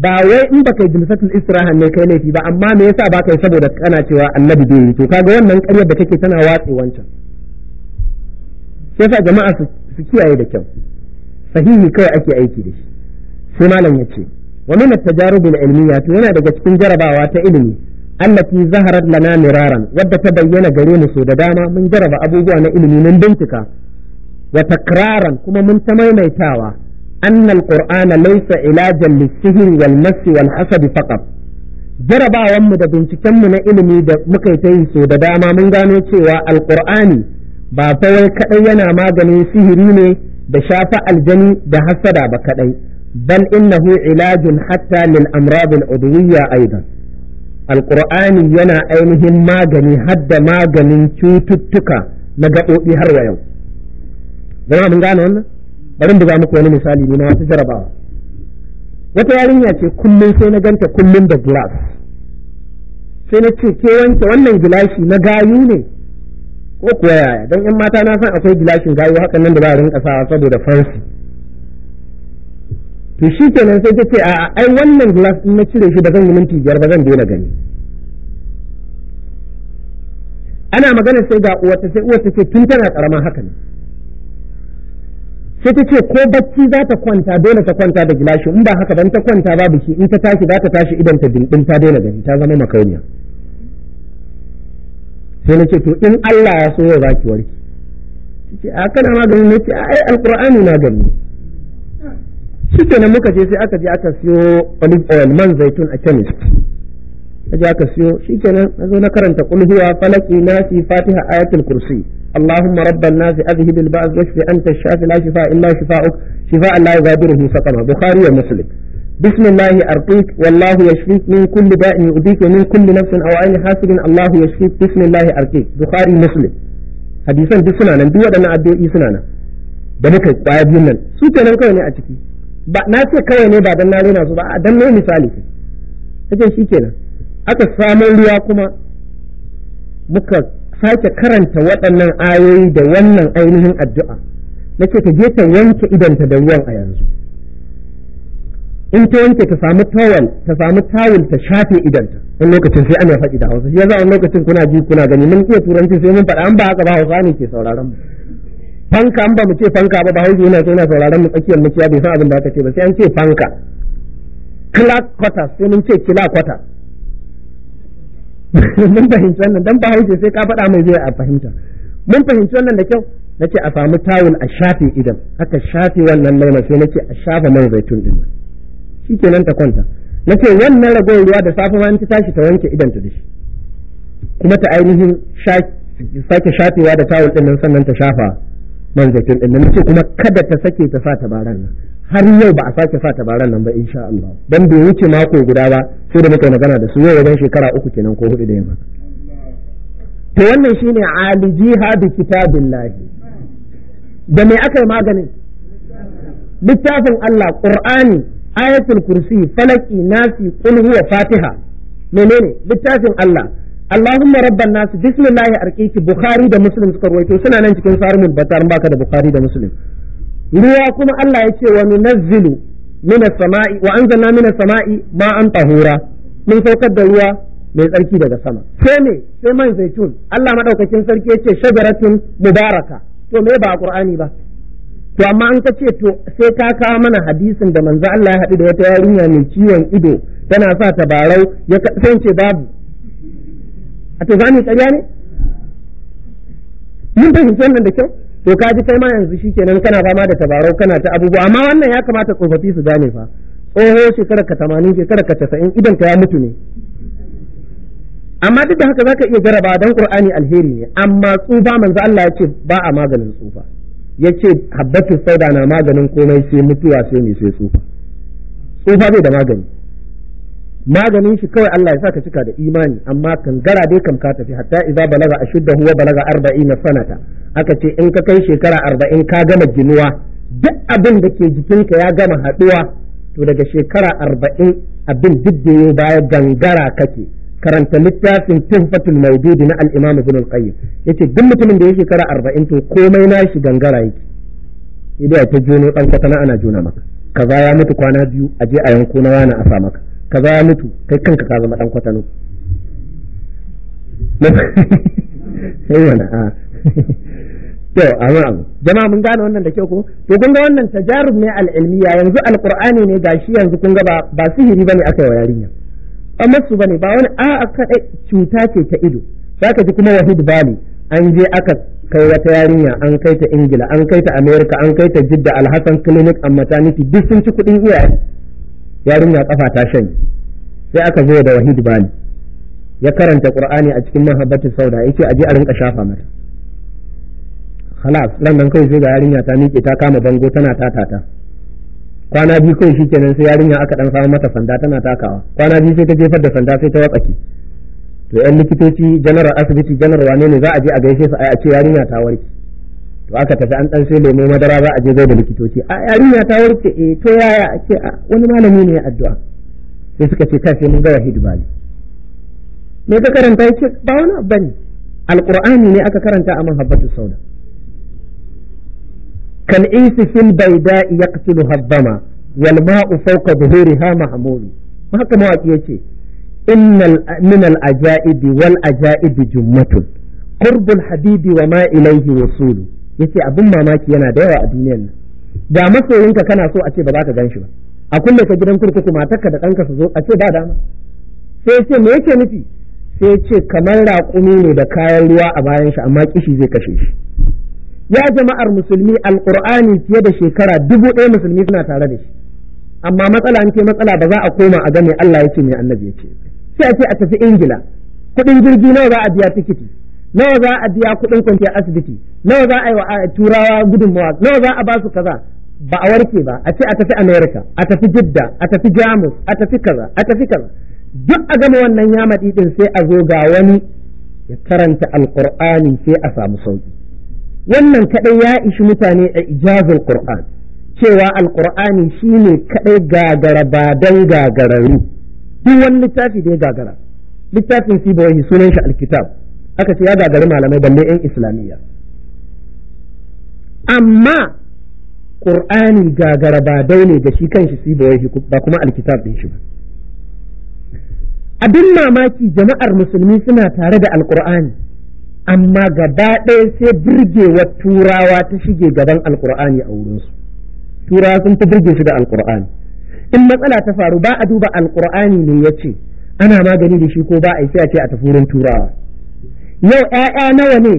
ba wai in baka yi jilsatul israha ne kai laifi ba amma me yasa baka yi saboda kana cewa annabi bai yi to kaga wannan ƙaryar da kake tana watse wancan sai sa jama'a su su kiyaye da kyau sahihi kai ake aiki da shi sai malam ya ce wa min at-tajarub al-ilmiyya to yana daga cikin jarabawa ta ilimi allati zaharat lana miraran wadda ta bayyana gare mu so da dama mun jaraba abubuwa na ilimi mun bincika wa takraran kuma mun ta maimaitawa anna al-qur'ana laysa ilajan lis-sihr wal-mass wal-hasad faqat jarabawan mu da binciken mu na ilimi da muka ta yi so da dama mun gano cewa al-qur'ani ba fa wai kadai yana maganin sihiri ne da shafa aljani da hasada ba kadai bal innahu ilajun hatta lil amrad al udwiyya aidan alqur'ani yana ainihin magani hadda maganin cututtuka na gaɓoɓi har wa yau zama mun gane wannan bari mu ba muku wani misali ne na wata jarabawa wata yarinya ce kullum sai na ganta kullum da glass sai na ce ke wanke wannan gilashi na gayu ne ko kuwa yaya don yan mata na san akwai gilashin gayu hakan nan da ba a rinka sawa saboda fansi to shi kenan sai ta ce a ai wannan gilas in na cire shi da zan yi minti biyar ba zan daina gani ana magana sai ga uwarta sai uwarta ce tun tana karama haka ne sai ta ce ko bacci za ta kwanta dole ta kwanta da gilashi in ba haka ban ta kwanta babu shi in ta tashi za ta tashi idan ta dindin ta daina gani ta zama makauniya sai na ce to in Allah ya so ya za ki warke ce a kana magani ne ce ai alqur'ani na gani shike nan muka je sai aka je aka siyo olive oil man zaitun a chemist aje aka siyo shike nan nazo na karanta kulhuwa huwa falaki nasi fatiha ayatul kursi اللهم رب الناس اذهب الباس واشف انت الشافي لا شفاء الا شفاءك شفاء لا يغادره سقما بخاري ومسلم بسم الله أرقيك والله يشفيك من كل داء يؤذيك من كل نفس أو عين حاسد الله يشفيك بسم الله أرقيك بخاري مسلم hadisan duk suna nan duk waɗannan addu'o'i kwaya biyun nan su kenan kawai ne a ciki na ce kawai ne ba dan na rena ba a dan ne misali ce shi kenan aka samu ruwa kuma muka sake karanta waɗannan ayoyi da wannan ainihin addu'a nace ka je ta wanke idanta da ruwan a yanzu in ta yanke ta samu tawal ta samu tawul ta shafe idanta in lokacin sai ana faɗi da hausa shi yasa wani lokacin kuna ji kuna gani mun iya turanci sai mun faɗa an ba haka ba hausa ne ke sauraron mu fanka an ba mu ce fanka ba ba hausa yana ce yana sauraron mu tsakiyar mu bai san abin da aka ce ba sai an ce fanka clark quarters sai mun ce kila quarters mun fahimci wannan dan ba hausa sai ka faɗa mai zai a fahimta mun fahimci wannan da kyau nace a samu tawul a shafe idan aka shafe wannan laima sai nace a shafa man zaitun din shi nan ta kwanta na ce wannan ragowar ruwa da safe ma ta tashi ta wanke idanta da shi kuma ta ainihin sake shafewa da tawul din nan sannan ta shafa man zaitun din nan ce kuma kada ta sake ta sa tabaran nan har yau ba a sake sa tabaran nan ba insha Allah dan bai wuce mako guda ba sai da muka magana da su yau wajen shekara uku kenan ko hudu da yamma to wannan shine alijiha bi kitabillahi da me aka yi maganin littafin Allah Qur'ani ayatul kursi falaki nasi qul huwa fatiha menene littafin Allah Allahumma rabban nas bismillah arkiki bukhari da muslim suka rawaito suna nan cikin sarmul batar baka da bukhari da muslim ruwa kuma Allah ya ce wa nunazzilu minas sama'i wa anzalna minas sama'i ma'an tahura mun saukar da ruwa mai tsarki daga sama sai me sai man zaitun Allah madaukakin sarki yace shajaratun mubaraka to me ba qur'ani ba to amma an ka ce to sai ka kawo mana hadisin da manzo Allah ya haɗu da wata yarinya mai ciwon ido tana sa tabarau ya sai ce babu a to zani ƙarya ne mun fahimci wannan da kyau to ka ji kai ma yanzu shikenan kana fama da tabarau kana ta abubuwa amma wannan ya kamata tsofaffi su gane fa tsoho shekara ka tamanin shekara ka casa'in idan ka ya mutu ne amma duk da haka zaka iya jaraba dan qur'ani alheri ne amma tsufa manzo Allah ya ce ba a maganin tsufa ya ce habbatu sauda na maganin komai sai mutuwa sai mai sai tsufa tsufa bai da magani maganin shi kawai Allah ya saka cika da imani amma kangara dai kam ka tafi hatta idza balaga ashuddahu wa balaga na sanata aka ce in ka kai shekara arba'in ka gama ginuwa duk abin da ke jikinka ya gama haɗuwa to daga shekara arba'in abin duk da ya baya gangara kake karanta littafin tuhfatul maududi na al-imam ibn al-qayyim yace duk mutumin da ya shekara 40 to komai na shi gangara yake idan ta jono dan kwatana ana jona maka kaza ya mutu kwana biyu a je a yanko na wani a sa maka kaza ya mutu kai kanka ka zama dan kwatano sai wannan a ah. to amma abu jama'a mun gane wannan da kyau ko to kun ga wannan tajarub ne al-ilmiya yanzu al-qur'ani ne gashi yanzu kun ga ba sihiri bane aka yi wa yarinya ba bane ba wani a'a kadai cuta ce ta ido zaka ji kuma wahid bali an je aka kai wata yarinya an kai ta ingila an kai ta america an kai ta jidda alhassan clinic a maternity duk sun ci kuɗin iya yarinya kafa ta shanye sai aka zo da wahid bali ya karanta qur'ani a cikin mahabbatu sauda yace aje a rinka shafa mata khalas nan nan kawai sai ga yarinya ta miƙe ta kama bango tana tatata kwana biyu kawai shikenan sai yarinya aka dan samu mata sanda tana takawa kwana biyu sai ta jefar da sanda sai ta wakaci to yan likitoci janar asibiti janar wane ne za a je a gaishe su a ce yarinya ta warke to aka tafi an dan sai lemo madara za a je zai da likitoci a yarinya ta warke eh to yaya a ce wani malami ne ya addu'a sai suka ce kai sai mun ga wahid bali me ka karanta yace ba wani bane alqur'ani ne aka karanta a man sauda كالإيس في البيداء يقتلها الظما والماء فوق ظهورها محمول وهكذا مواقع يتي إن من الأجائب والأجائب جمة قرب الحبيب وما إليه وصول yace abin mamaki yana da yawa a duniyar nan da masoyinka kana so a ce ba za ka gan ba a kulle ka gidan kurkuku matarka da ɗanka su zo a ce ba dama sai ce me yake nufi sai ce kamar raƙumi ne da kayan ruwa a bayan shi amma kishi zai kashe shi ya jama'ar musulmi Alkur'ani fiye da shekara dubu ɗaya musulmi suna tare da shi amma matsala in ce matsala ba za a koma a game Allah ya ce mai annabi ya ce sai a ce a tafi ingila kuɗin jirgi nawa za a biya tikiti nawa za a biya kuɗin kwanciyar asibiti nawa za a yi wa turawa gudunmawa nawa za a ba su kaza ba a warke ba a ce a tafi america a tafi jidda a tafi jamus a tafi kaza a tafi kaza duk a gama wannan yamaɗi ɗin sai a zo ga wani ya karanta Alkur'ani sai a samu sauki wannan kadai ya ishi mutane a ijazul qur'an cewa alqur'ani shine kadai gagara ba dan gagararu duk wani littafi da ya gagara littafin bai sunan shi alkitab aka ce ya gagari malamai balle yan islamiyya amma qur'ani gagara ba dai ne da shi kanshi sibawahi ba kuma alkitab din shi ba abin mamaki jama'ar musulmi suna tare da alqur'ani amma gaba ɗaya sai birgewar turawa ta shige gaban alkur'ani a wurinsu turawa sun fi birge shi da alkur'ani in matsala ta faru ba a duba alkur'ani ne ya ce ana magani da shi ko ba a yi sai a ce a tafi wurin turawa yau ‘ya'ya nawa ne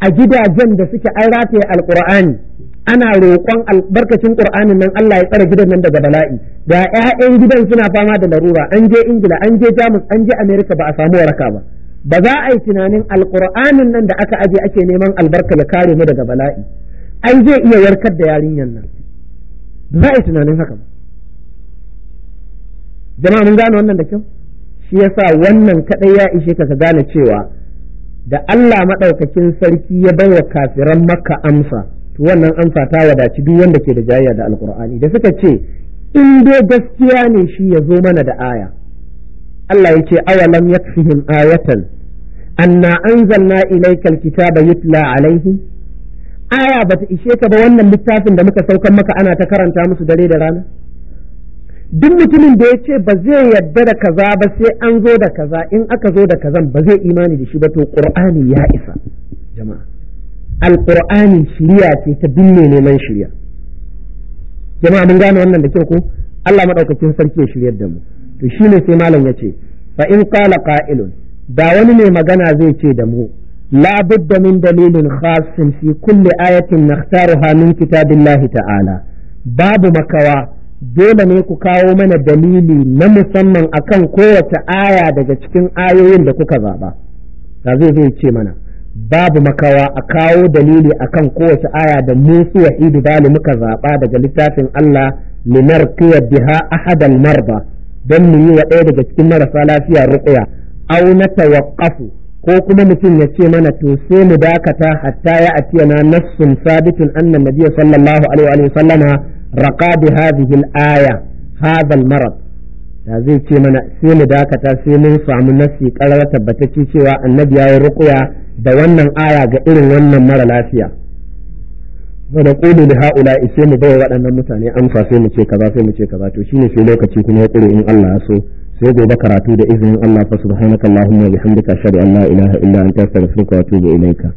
a gidajen da suke an rataye alkur'ani ana roƙon albarkacin ƙur'anin nan Allah ya tsare gidan nan daga bala'i da ‘ya'yan gidan suna fama da larura an je ingila an je jamus an je america ba a samu waraka ba ba za a yi tunanin alƙur'anin nan da aka aje ake neman albarka ya kare mu daga bala'i ai zai iya warkar da yarinyar nan ba za a yi tunanin haka ba jama'a mun gane wannan da kyau shi yasa wannan kadai ya ishe ka ka gane cewa da Allah maɗaukakin sarki ya baiwa kafiran makka amsa to wannan amsa ta wadaci duk wanda ke da jayya da alkur'ani da suka ce in dai gaskiya ne shi ya zo mana da aya Allah yace awalam yakfihim ayatan anna anzalna ilayka alkitaba yutla alaihim aya bata ishe ka ba wannan littafin da muka saukan maka ana ta karanta musu dare da rana duk mutumin da ya ce ba zai yadda da kaza ba sai an zo da kaza in aka zo da kazan ba zai imani da shi ba to qur'ani ya isa jama'a alqur'ani shiriya ce ta binne neman shiriya jama'a mun gane wannan da kyau ko Allah madaukakin sarki ya shiryar da mu to ne sai malam ya ce fa in qala qa'ilun da wani ne magana zai ce da mu la budda min dalilin khasin fi kulli ayatin nakhtaruha min kitabillahi ta'ala babu makawa dole ne ku kawo mana dalili na musamman akan kowace aya daga cikin ayoyin da kuka zaba da zai zai ce mana babu makawa a kawo dalili akan kowace aya da musu wa idibali muka zaba daga littafin Allah linarqiya biha ahadal marba don mu yi wa ɗaya daga cikin marasa lafiya ruqya aw natawaqqafu ko kuma mutum ya ce mana to sai mu dakata hatta ya na nassun sabitun anna nabiyyu sallallahu alaihi wa sallama raqa bi hadhihi al-aya hadha al-marad da zai ce mana sai mu dakata sai mun samu nassi karar tabbatacce cewa annabi ya yi ruqya da wannan aya ga irin wannan mara lafiya da kudu da haula sai mu bai waɗannan mutane amsa sai mu ce kaza sai mu ce kaza to shine sai lokaci kuma ya in Allah ya so sai gobe karatu da izinin Allah fa subhanakallahumma wa bihamdika ashhadu an la ilaha illa anta astaghfiruka wa atubu ilaika